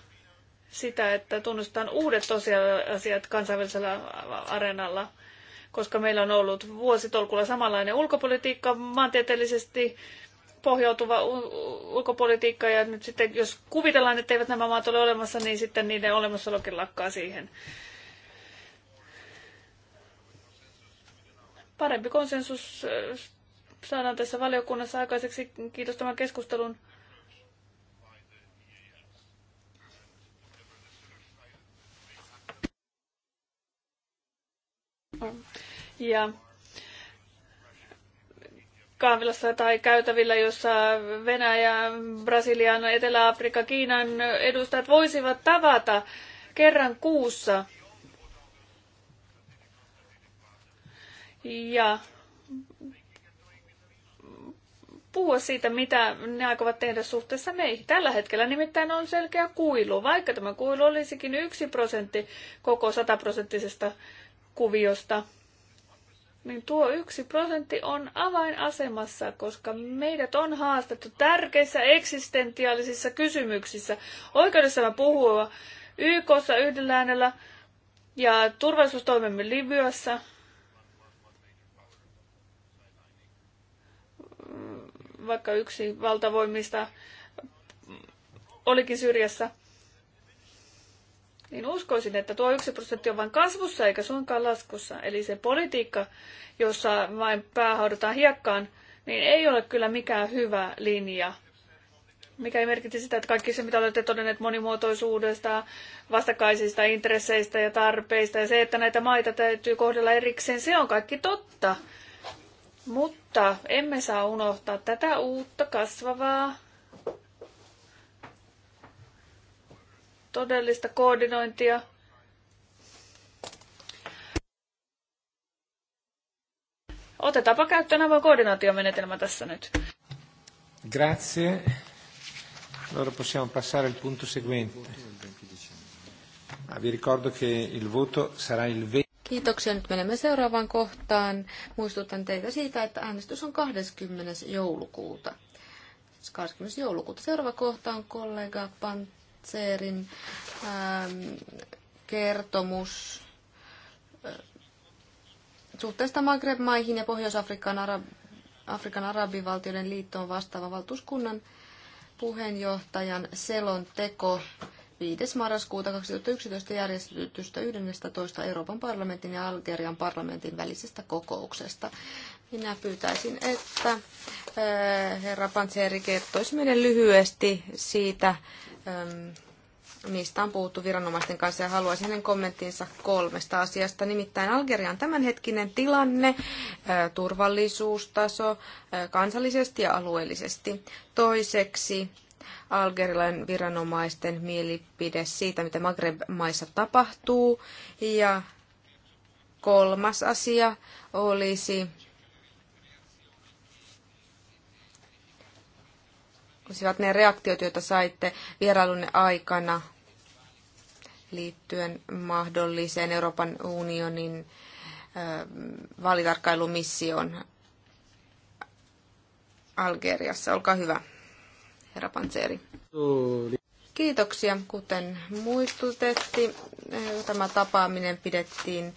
sitä, että tunnustetaan uudet tosiasiat kansainvälisellä areenalla, koska meillä on ollut vuositolkulla samanlainen ulkopolitiikka maantieteellisesti, pohjautuva ulkopolitiikka ja nyt sitten jos kuvitellaan, että eivät nämä maat ole olemassa, niin sitten niiden olemassaolokin lakkaa siihen. Parempi konsensus äh, saadaan tässä valiokunnassa aikaiseksi. Kiitos tämän keskustelun. Ja kahvilassa tai käytävillä, jossa Venäjä, Brasilian, Etelä-Afrikka, Kiinan edustajat voisivat tavata kerran kuussa. Ja puhua siitä, mitä ne aikovat tehdä suhteessa meihin. Tällä hetkellä nimittäin on selkeä kuilu, vaikka tämä kuilu olisikin yksi prosentti koko sataprosenttisesta kuviosta niin tuo yksi prosentti on avainasemassa, koska meidät on haastettu tärkeissä eksistentiaalisissa kysymyksissä. Oikeudessa mä puhua YKssa yhdellä äänellä ja turvallisuustoimemme Libyassa. Vaikka yksi valtavoimista olikin syrjässä niin uskoisin, että tuo yksi prosentti on vain kasvussa eikä suinkaan laskussa. Eli se politiikka, jossa vain päähaudutaan hiekkaan, niin ei ole kyllä mikään hyvä linja. Mikä ei merkitse sitä, että kaikki se, mitä olette todenneet monimuotoisuudesta, vastakkaisista intresseistä ja tarpeista ja se, että näitä maita täytyy kohdella erikseen, se on kaikki totta. Mutta emme saa unohtaa tätä uutta kasvavaa todellista koordinointia. Otetaanpa käyttöön avoin koordinaatiomenetelmä tässä nyt. Grazie. Allora possiamo passare al punto seguente. Ah, vi ricordo che il voto sarà il 20. Kiitoksia. Nyt menemme seuraavaan kohtaan. Muistutan teitä siitä, että äänestys on 20. joulukuuta. 20. Siis joulukuuta. Seuraava kohta on kollega Pantti ähm, kertomus äh, suhteesta Maghreb-maihin ja Pohjois-Afrikan Arab- Afrikan arabivaltioiden liittoon vastaavan valtuuskunnan puheenjohtajan selonteko 5. marraskuuta 2011 järjestetystä 11. Euroopan parlamentin ja Algerian parlamentin välisestä kokouksesta. Minä pyytäisin, että äh, herra Pantseri kertoisi meille lyhyesti siitä, niistä on puhuttu viranomaisten kanssa ja haluaisin hänen kommenttinsa kolmesta asiasta. Nimittäin Algerian tämänhetkinen tilanne, turvallisuustaso kansallisesti ja alueellisesti. Toiseksi Algerian viranomaisten mielipide siitä, mitä Maghreb-maissa tapahtuu. Ja kolmas asia olisi olisivat ne reaktiot, joita saitte vierailunne aikana liittyen mahdolliseen Euroopan unionin vaalitarkkailumissioon Algeriassa. Olkaa hyvä, herra Panseeri. Kiitoksia. Kuten muistutettiin, tämä tapaaminen pidettiin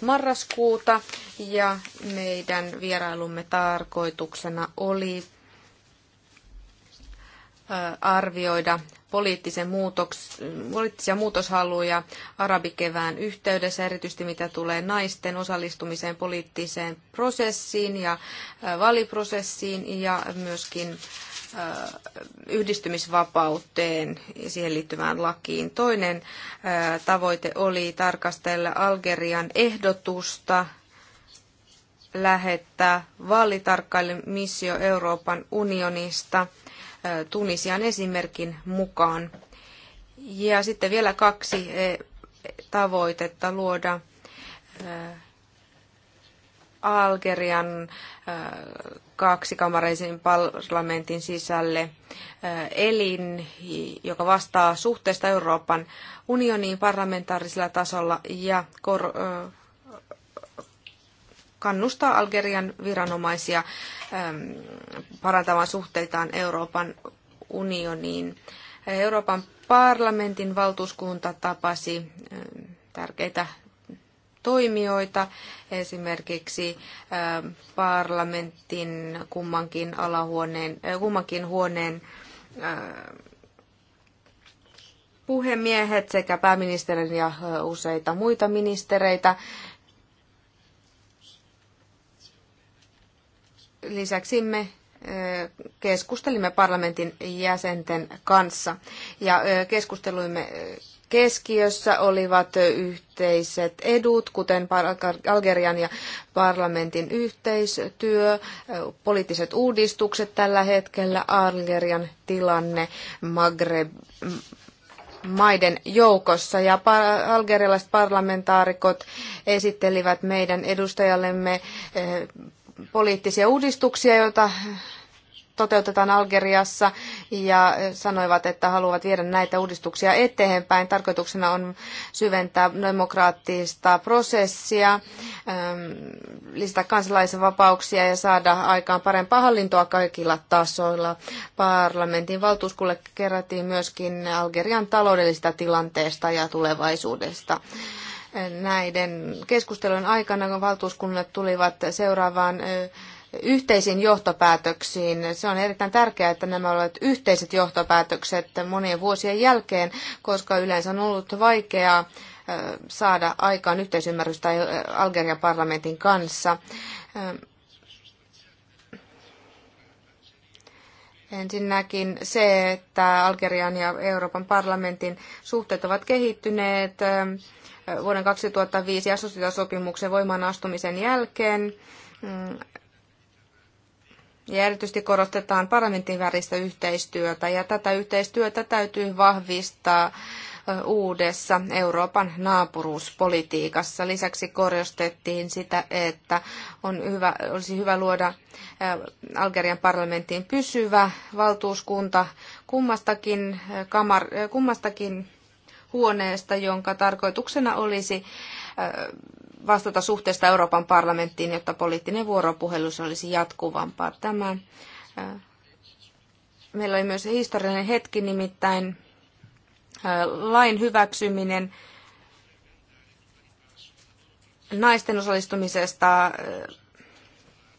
2-5. marraskuuta ja meidän vierailumme tarkoituksena oli arvioida poliittisen muutoks, poliittisia muutoshaluja arabikevään yhteydessä, erityisesti mitä tulee naisten osallistumiseen poliittiseen prosessiin ja valiprosessiin ja myöskin yhdistymisvapauteen ja siihen liittyvään lakiin. Toinen tavoite oli tarkastella Algerian ehdotusta lähettää vaalitarkkailumissio Euroopan unionista – Tunisian esimerkin mukaan. Ja sitten vielä kaksi tavoitetta luoda Algerian kaksikamareisen parlamentin sisälle elin, joka vastaa suhteesta Euroopan unioniin parlamentaarisella tasolla ja kor- kannustaa Algerian viranomaisia ähm, parantamaan suhteitaan Euroopan unioniin. Euroopan parlamentin valtuuskunta tapasi ähm, tärkeitä toimijoita, esimerkiksi ähm, parlamentin kummankin, alahuoneen, äh, kummankin huoneen äh, puhemiehet sekä pääministerin ja äh, useita muita ministereitä. lisäksi me keskustelimme parlamentin jäsenten kanssa ja keskusteluimme keskiössä olivat yhteiset edut, kuten Algerian ja parlamentin yhteistyö, poliittiset uudistukset tällä hetkellä, Algerian tilanne Maghreb maiden joukossa ja algerialaiset parlamentaarikot esittelivät meidän edustajallemme poliittisia uudistuksia, joita toteutetaan Algeriassa ja sanoivat, että haluavat viedä näitä uudistuksia eteenpäin. Tarkoituksena on syventää demokraattista prosessia, ähm, lisätä kansalaisvapauksia ja saada aikaan parempaa hallintoa kaikilla tasoilla. Parlamentin valtuuskulle kerättiin myöskin Algerian taloudellisesta tilanteesta ja tulevaisuudesta näiden keskustelujen aikana valtuuskunnat tulivat seuraavaan yhteisiin johtopäätöksiin. Se on erittäin tärkeää, että nämä ovat yhteiset johtopäätökset monien vuosien jälkeen, koska yleensä on ollut vaikeaa saada aikaan yhteisymmärrystä Algerian parlamentin kanssa. Ensinnäkin se, että Algerian ja Euroopan parlamentin suhteet ovat kehittyneet vuoden 2005 assosiaatiosopimuksen voimaan astumisen jälkeen. Ja erityisesti korostetaan parlamentin väristä yhteistyötä ja tätä yhteistyötä täytyy vahvistaa uudessa Euroopan naapuruuspolitiikassa. Lisäksi korostettiin sitä, että on hyvä, olisi hyvä luoda Algerian parlamenttiin pysyvä valtuuskunta kummastakin, kamar, kummastakin huoneesta, jonka tarkoituksena olisi vastata suhteesta Euroopan parlamenttiin, jotta poliittinen vuoropuhelu olisi jatkuvampaa. Tämä, meillä oli myös historiallinen hetki, nimittäin lain hyväksyminen naisten osallistumisesta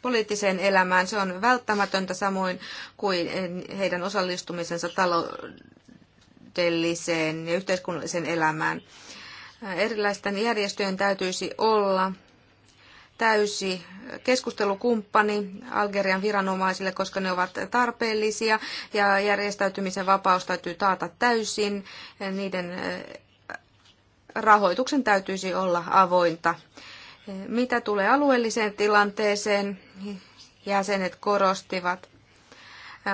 poliittiseen elämään. Se on välttämätöntä samoin kuin heidän osallistumisensa talouden taloudelliseen ja yhteiskunnalliseen elämään. Erilaisten järjestöjen täytyisi olla täysi keskustelukumppani Algerian viranomaisille, koska ne ovat tarpeellisia ja järjestäytymisen vapaus täytyy taata täysin. Niiden eh, rahoituksen täytyisi olla avointa. Mitä tulee alueelliseen tilanteeseen, jäsenet korostivat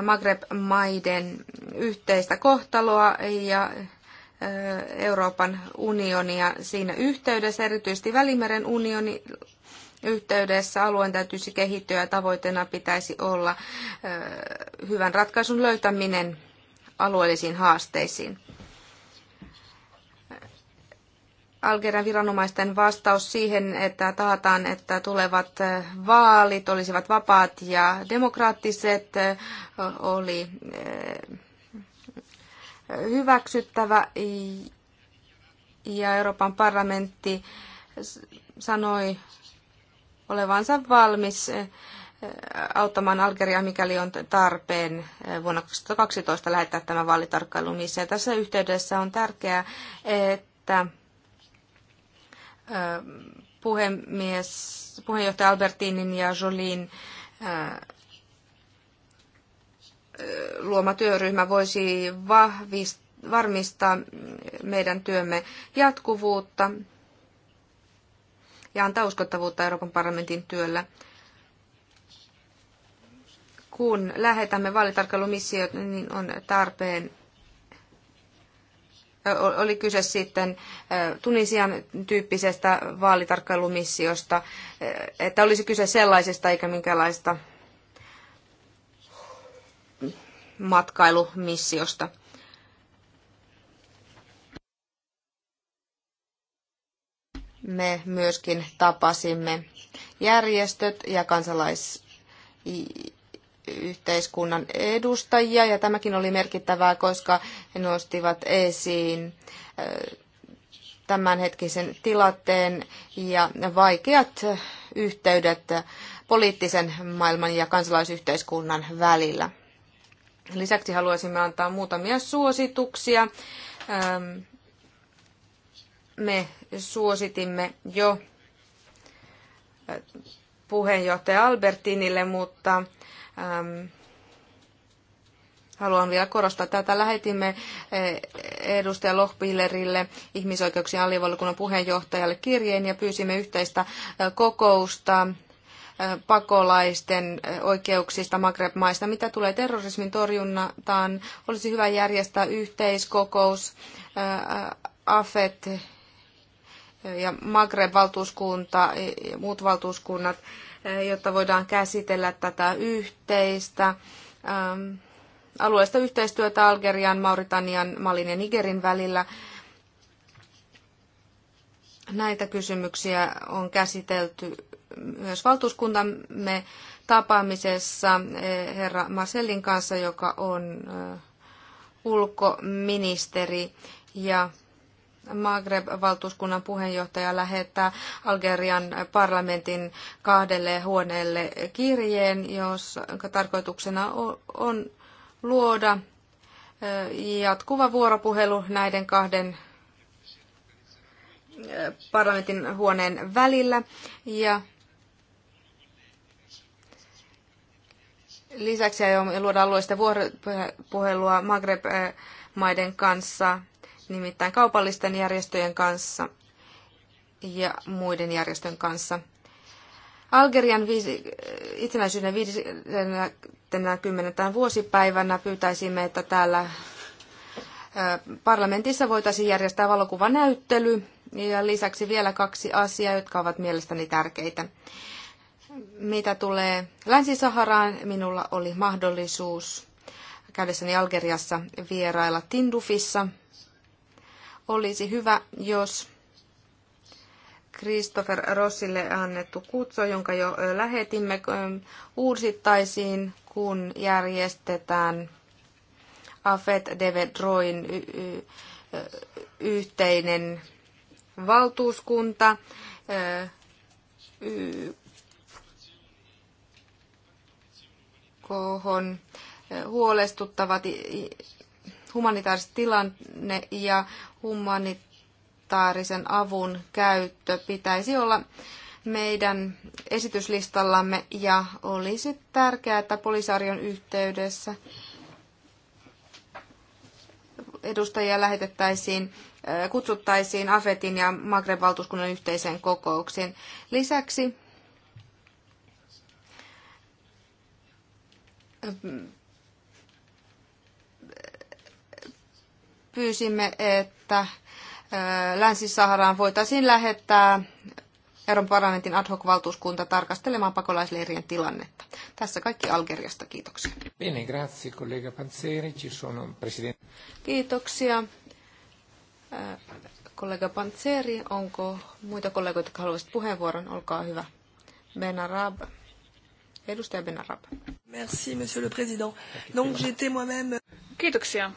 Maghreb-maiden yhteistä kohtaloa ja Euroopan unionia siinä yhteydessä, erityisesti Välimeren unioni yhteydessä alueen täytyisi kehittyä ja tavoitteena pitäisi olla hyvän ratkaisun löytäminen alueellisiin haasteisiin. Algerian viranomaisten vastaus siihen, että taataan, että tulevat äh, vaalit olisivat vapaat ja demokraattiset, äh, oli äh, hyväksyttävä ja Euroopan parlamentti sanoi olevansa valmis auttamaan Algeria, mikäli on tarpeen vuonna 2012 lähettää tämä vaalitarkkailu Tässä yhteydessä on tärkeää, että puhemies, puheenjohtaja Albertinin ja Jolin äh, luoma työryhmä voisi vahvistaa, varmistaa meidän työmme jatkuvuutta ja antaa uskottavuutta Euroopan parlamentin työllä. Kun lähetämme vaalitarkkailumissioon, niin on tarpeen oli kyse sitten Tunisian tyyppisestä vaalitarkkailumissiosta, että olisi kyse sellaisesta eikä minkälaista matkailumissiosta. Me myöskin tapasimme järjestöt ja kansalais Yhteiskunnan edustajia ja tämäkin oli merkittävää, koska he nostivat esiin tämänhetkisen tilanteen ja vaikeat yhteydet poliittisen maailman ja kansalaisyhteiskunnan välillä. Lisäksi haluaisimme antaa muutamia suosituksia. Me suositimme jo puheenjohtaja Albertinille, mutta Ähm, haluan vielä korostaa tätä. Lähetimme eh, edustaja Lohpillerille, ihmisoikeuksien alivaliokunnan puheenjohtajalle kirjeen ja pyysimme yhteistä eh, kokousta eh, pakolaisten oikeuksista magreb maista Mitä tulee terrorismin torjuntaan, olisi hyvä järjestää yhteiskokous AFET ja magreb valtuuskunta ja muut valtuuskunnat Eh, jotta voidaan käsitellä tätä yhteistä ähm, alueellista yhteistyötä Algerian, Mauritanian, Malin ja Nigerin välillä. Näitä kysymyksiä on käsitelty myös valtuuskuntamme tapaamisessa eh, herra Marcellin kanssa, joka on eh, ulkoministeri. Ja Maghreb-valtuuskunnan puheenjohtaja lähettää Algerian parlamentin kahdelle huoneelle kirjeen, jonka tarkoituksena on luoda jatkuva vuoropuhelu näiden kahden parlamentin huoneen välillä. Ja lisäksi luoda alueellista vuoropuhelua Maghreb-maiden kanssa nimittäin kaupallisten järjestöjen kanssa ja muiden järjestön kanssa. Algerian viisi, itsenäisyyden 50. vuosipäivänä pyytäisimme, että täällä parlamentissa voitaisiin järjestää valokuvanäyttely ja lisäksi vielä kaksi asiaa, jotka ovat mielestäni tärkeitä. Mitä tulee Länsi-Saharaan, minulla oli mahdollisuus käydessäni Algeriassa vierailla Tindufissa – olisi hyvä, jos Christopher Rossille annettu kutsu, jonka jo lähetimme, uusittaisiin, kun järjestetään Afet Devedroin yhteinen valtuuskunta. Kohon huolestuttavat humanitaariset tilanne ja humanitaarisen avun käyttö pitäisi olla meidän esityslistallamme ja olisi tärkeää, että polisarjon yhteydessä edustajia lähetettäisiin kutsuttaisiin AFETin ja Magreb valtuuskunnan yhteiseen kokoukseen. Lisäksi pyysimme, että äh, Länsi-Saharaan voitaisiin lähettää Euroopan parlamentin ad hoc-valtuuskunta tarkastelemaan pakolaisleirien tilannetta. Tässä kaikki Algeriasta, kiitoksia. Bene, grazie, collega Panzeri. Ci sono presidente. Kiitoksia. Äh, kollega Panzeri, onko muita kollegoita, jotka haluaisivat puheenvuoron? Olkaa hyvä. Benarab. Edustaja Benarab. Merci, monsieur le président. Donc, j'étais moi-même... Kiitoksia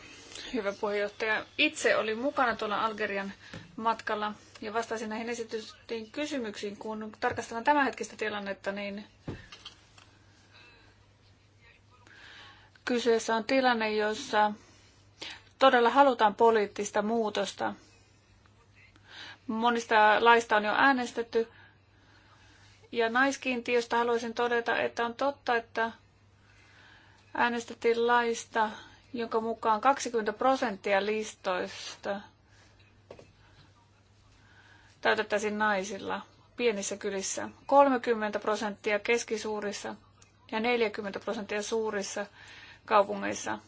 hyvä puheenjohtaja. Itse olin mukana tuolla Algerian matkalla ja vastasin näihin esitystiin kysymyksiin. Kun tarkastellaan tämänhetkistä tilannetta, niin kyseessä on tilanne, jossa todella halutaan poliittista muutosta. Monista laista on jo äänestetty. Ja naiskiintiöstä haluaisin todeta, että on totta, että äänestettiin laista, jonka mukaan 20 prosenttia listoista täytettäisiin naisilla pienissä kylissä, 30 prosenttia keskisuurissa ja 40 prosenttia suurissa kaupungeissa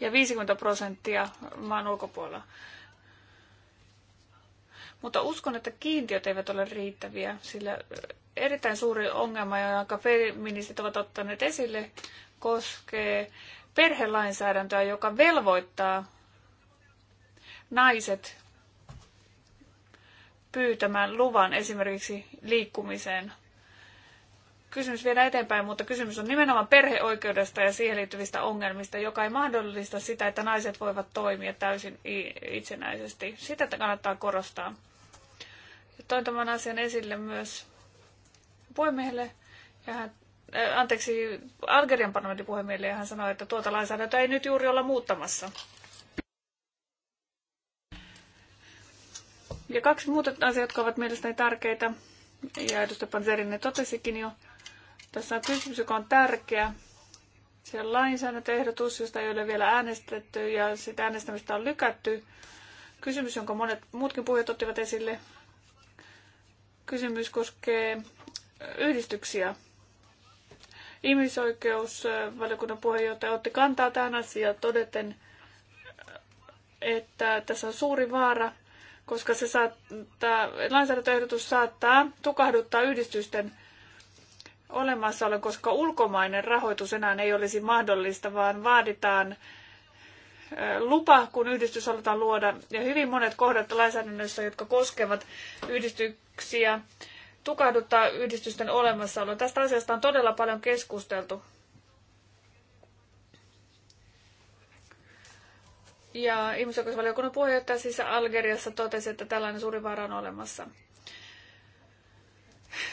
ja 50 prosenttia maan ulkopuolella. Mutta uskon, että kiintiöt eivät ole riittäviä, sillä erittäin suuri ongelma, jonka feministit ovat ottaneet esille, koskee perhelainsäädäntöä, joka velvoittaa naiset pyytämään luvan esimerkiksi liikkumiseen. Kysymys viedään eteenpäin, mutta kysymys on nimenomaan perheoikeudesta ja siihen liittyvistä ongelmista, joka ei mahdollista sitä, että naiset voivat toimia täysin itsenäisesti. Sitä kannattaa korostaa. Ja toin tämän asian esille myös puhemiehelle ja hän anteeksi, Algerian parlamentin puhemiehelle ja hän sanoi, että tuota lainsäädäntöä ei nyt juuri olla muuttamassa. Ja kaksi muuta asiaa, jotka ovat mielestäni tärkeitä, ja edustaja Panzerinen totesikin jo, tässä on kysymys, joka on tärkeä. Se on lainsäädäntöehdotus, josta ei ole vielä äänestetty ja sitä äänestämistä on lykätty. Kysymys, jonka monet muutkin puhujat ottivat esille. Kysymys koskee yhdistyksiä Ihmisoikeusvaliokunnan puheenjohtaja otti kantaa tähän asiaan todeten, että tässä on suuri vaara, koska se saattaa, lainsäädäntöehdotus saattaa tukahduttaa yhdistysten olemassaolo, koska ulkomainen rahoitus enää ei olisi mahdollista, vaan vaaditaan lupa, kun yhdistys halutaan luoda. Ja hyvin monet kohdat lainsäädännössä, jotka koskevat yhdistyksiä, tukahduttaa yhdistysten olemassaolo. Tästä asiasta on todella paljon keskusteltu. Ja ihmisoikeusvaliokunnan puheenjohtaja siis Algeriassa totesi, että tällainen suuri vaara on olemassa.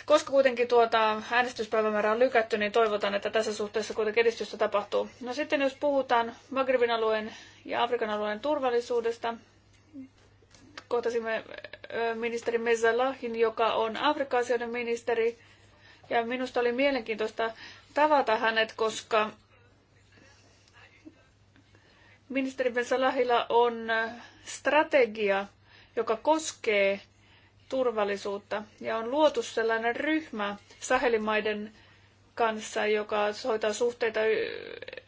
Koska kuitenkin tuota äänestyspäivämäärä on lykätty, niin toivotaan, että tässä suhteessa kuitenkin edistystä tapahtuu. No sitten jos puhutaan Maghribin alueen ja Afrikan alueen turvallisuudesta, kohtasimme ministeri Mezalahin, joka on Afrikan ministeri. Ja minusta oli mielenkiintoista tavata hänet, koska ministeri Mezalahilla on strategia, joka koskee turvallisuutta. Ja on luotu sellainen ryhmä Sahelimaiden kanssa, joka hoitaa suhteita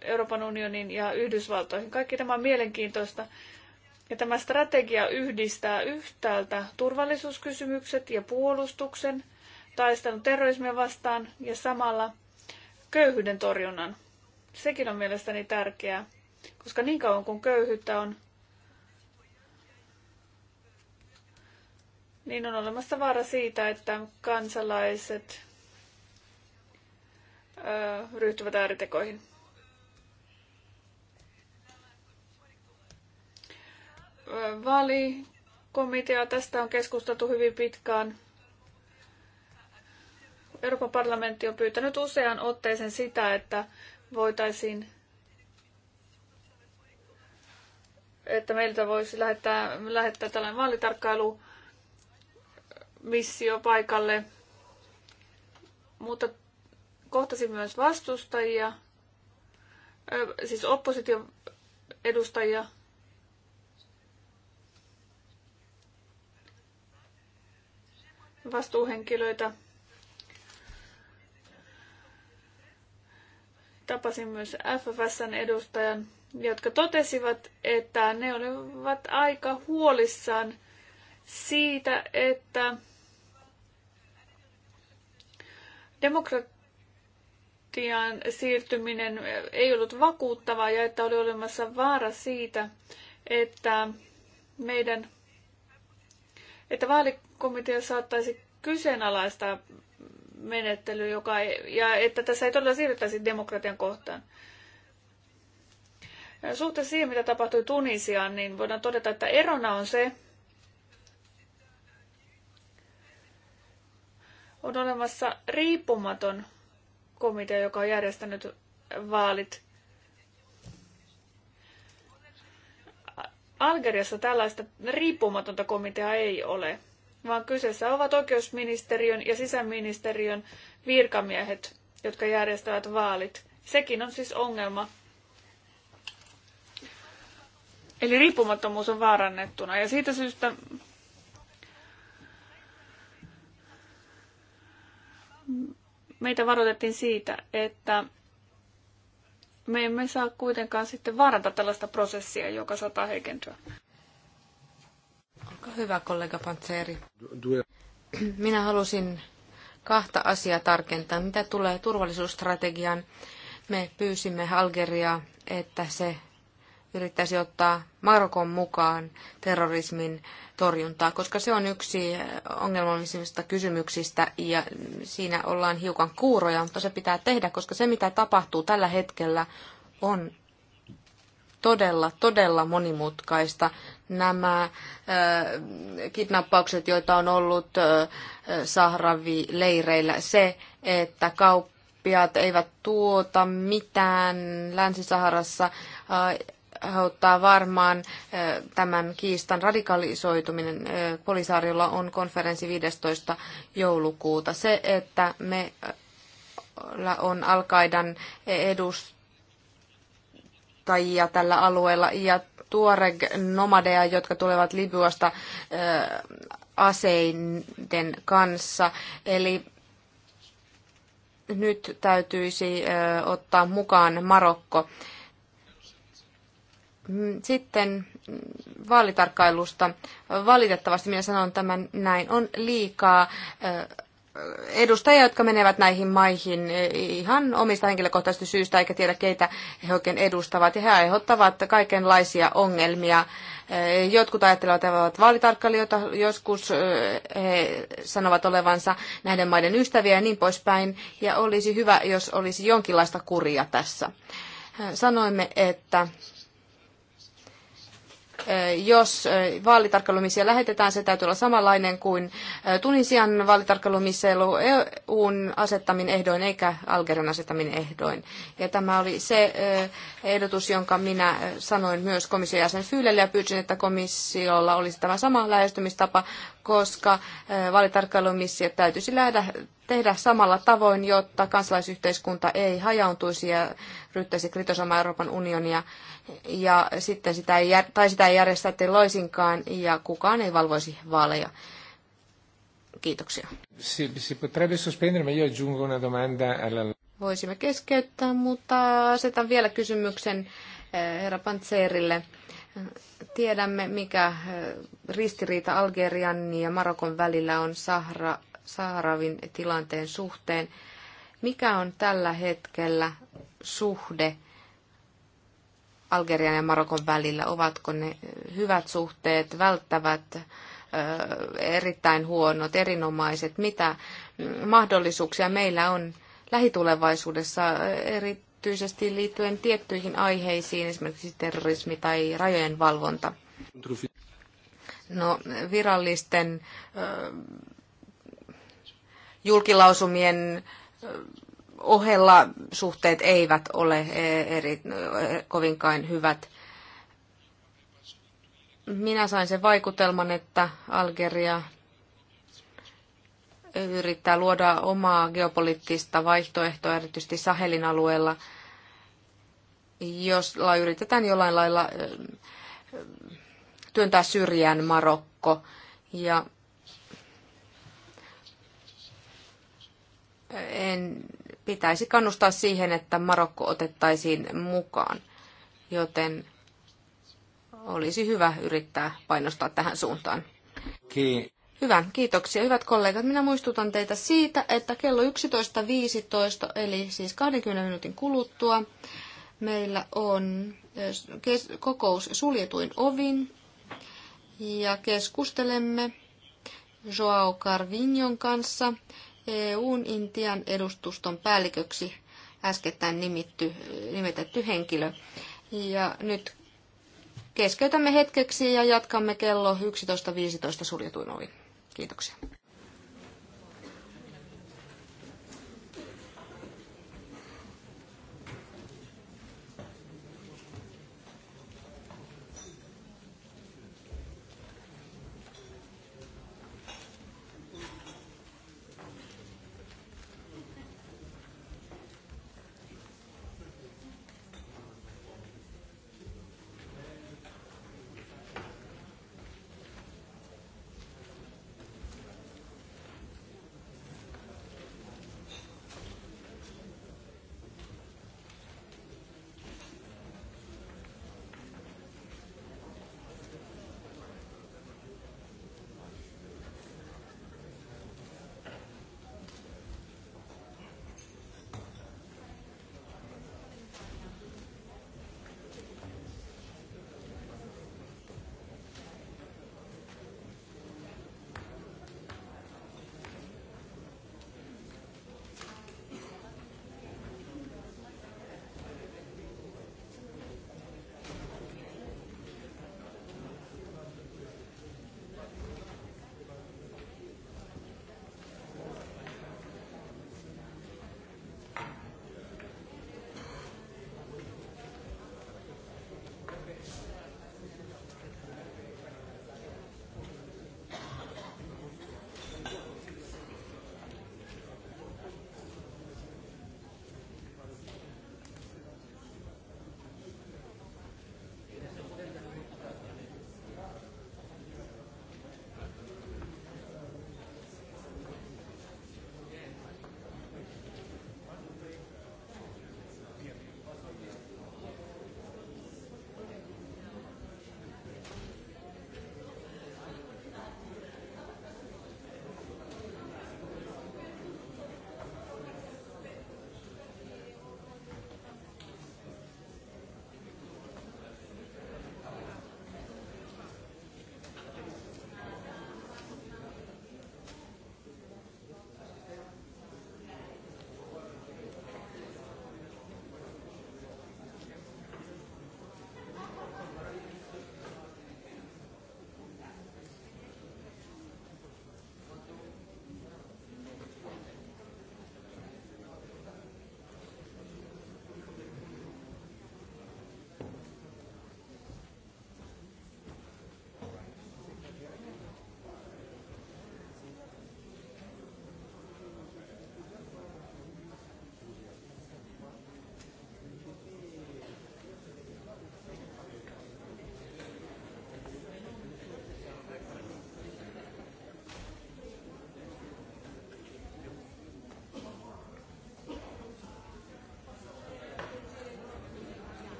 Euroopan unionin ja Yhdysvaltoihin. Kaikki tämä on mielenkiintoista. Ja tämä strategia yhdistää yhtäältä turvallisuuskysymykset ja puolustuksen, taistelun terrorismia vastaan ja samalla köyhyyden torjunnan. Sekin on mielestäni tärkeää, koska niin kauan kuin köyhyyttä on, niin on olemassa vaara siitä, että kansalaiset ryhtyvät ääritekoihin. vaalikomitea, tästä on keskusteltu hyvin pitkään. Euroopan parlamentti on pyytänyt useaan otteeseen sitä, että voitaisiin että meiltä voisi lähettää, lähettää tällainen vaalitarkkailumissio paikalle. Mutta kohtasin myös vastustajia, siis opposition edustajia, vastuuhenkilöitä. Tapasin myös FFSn edustajan, jotka totesivat, että ne olivat aika huolissaan siitä, että demokratian siirtyminen ei ollut vakuuttavaa ja että oli olemassa vaara siitä, että meidän että vaalik komitea saattaisi kyseenalaistaa menettely, joka ei, ja että tässä ei todella siirryttäisi demokratian kohtaan. Suhteessa siihen, mitä tapahtui Tunisiaan, niin voidaan todeta, että erona on se, on olemassa riippumaton komitea, joka on järjestänyt vaalit. Algeriassa tällaista riippumatonta komiteaa ei ole vaan kyseessä ovat oikeusministeriön ja sisäministeriön virkamiehet, jotka järjestävät vaalit. Sekin on siis ongelma. Eli riippumattomuus on vaarannettuna ja siitä syystä meitä varoitettiin siitä, että me emme saa kuitenkaan sitten vaarantaa tällaista prosessia, joka saattaa heikentyä hyvä, kollega Pantseri. Minä halusin kahta asiaa tarkentaa. Mitä tulee turvallisuusstrategiaan, me pyysimme Algeriaa, että se yrittäisi ottaa Marokon mukaan terrorismin torjuntaa, koska se on yksi ongelmallisimmista kysymyksistä ja siinä ollaan hiukan kuuroja, mutta se pitää tehdä, koska se mitä tapahtuu tällä hetkellä on todella, todella monimutkaista nämä äh, kidnappaukset, joita on ollut äh, Sahravi-leireillä. Se, että kauppiaat eivät tuota mitään Länsi-Saharassa, äh, aiheuttaa varmaan tämän kiistan radikalisoituminen. Polisaariolla on konferenssi 15. joulukuuta. Se, että me on Alkaidan edustajia tällä alueella ja Tuareg-nomadeja, jotka tulevat Libyasta aseiden kanssa. Eli nyt täytyisi ottaa mukaan Marokko. Sitten vaalitarkkailusta. Valitettavasti minä sanon tämän näin. On liikaa edustajia, jotka menevät näihin maihin e, ihan omista henkilökohtaisista syistä, eikä tiedä keitä he oikein edustavat. Ja he aiheuttavat kaikenlaisia ongelmia. E, jotkut ajattelevat, että he ovat vaalitarkkailijoita, joskus e, he sanovat olevansa näiden maiden ystäviä ja niin poispäin. Ja olisi hyvä, jos olisi jonkinlaista kuria tässä. Sanoimme, että jos vaalitarkkailu lähetetään, se täytyy olla samanlainen kuin Tunisian vaalitarkkailu, EUn asettamin ehdoin eikä Algerian asettamin ehdoin. Ja tämä oli se ehdotus, jonka minä sanoin myös komission jäsen Fyylelle ja pyysin, että komissiolla olisi tämä sama lähestymistapa, koska vaalitarkkailumissiot täytyisi lähdä tehdä samalla tavoin, jotta kansalaisyhteiskunta ei hajaantuisi ja ryhtäisi kritisoimaan Euroopan unionia ja sitten sitä ei, tai sitä ei järjestetä loisinkaan ja kukaan ei valvoisi vaaleja. Kiitoksia. Si, si potrebbe sospendere, ma io aggiungo una domanda alla... Voisimme keskeyttää, mutta asetan vielä kysymyksen eh, herra Pantseerille. Tiedämme, mikä eh, ristiriita Algerian ja Marokon välillä on Sahra, Saharavin tilanteen suhteen. Mikä on tällä hetkellä suhde Algerian ja Marokon välillä, ovatko ne hyvät suhteet, välttävät erittäin huonot, erinomaiset, mitä mm, mahdollisuuksia meillä on lähitulevaisuudessa erityisesti liittyen tiettyihin aiheisiin, esimerkiksi terrorismi tai rajojen valvonta. No, virallisten julkilausumien ohella suhteet eivät ole e, eri, e, kovinkaan hyvät. Minä sain sen vaikutelman, että Algeria yrittää luoda omaa geopoliittista vaihtoehtoa, erityisesti Sahelin alueella, jolla yritetään jollain lailla e, työntää syrjään Marokko. Ja en pitäisi kannustaa siihen, että Marokko otettaisiin mukaan, joten olisi hyvä yrittää painostaa tähän suuntaan. Kiin. Hyvä, kiitoksia. Hyvät kollegat, minä muistutan teitä siitä, että kello 11.15, eli siis 20 minuutin kuluttua, meillä on eh, kokous suljetuin ovin ja keskustelemme Joao Carvinion kanssa – EUn Intian edustuston päälliköksi äskettäin nimitty, nimetetty henkilö. Ja nyt keskeytämme hetkeksi ja jatkamme kello 11.15 suljetuin ovin. Kiitoksia.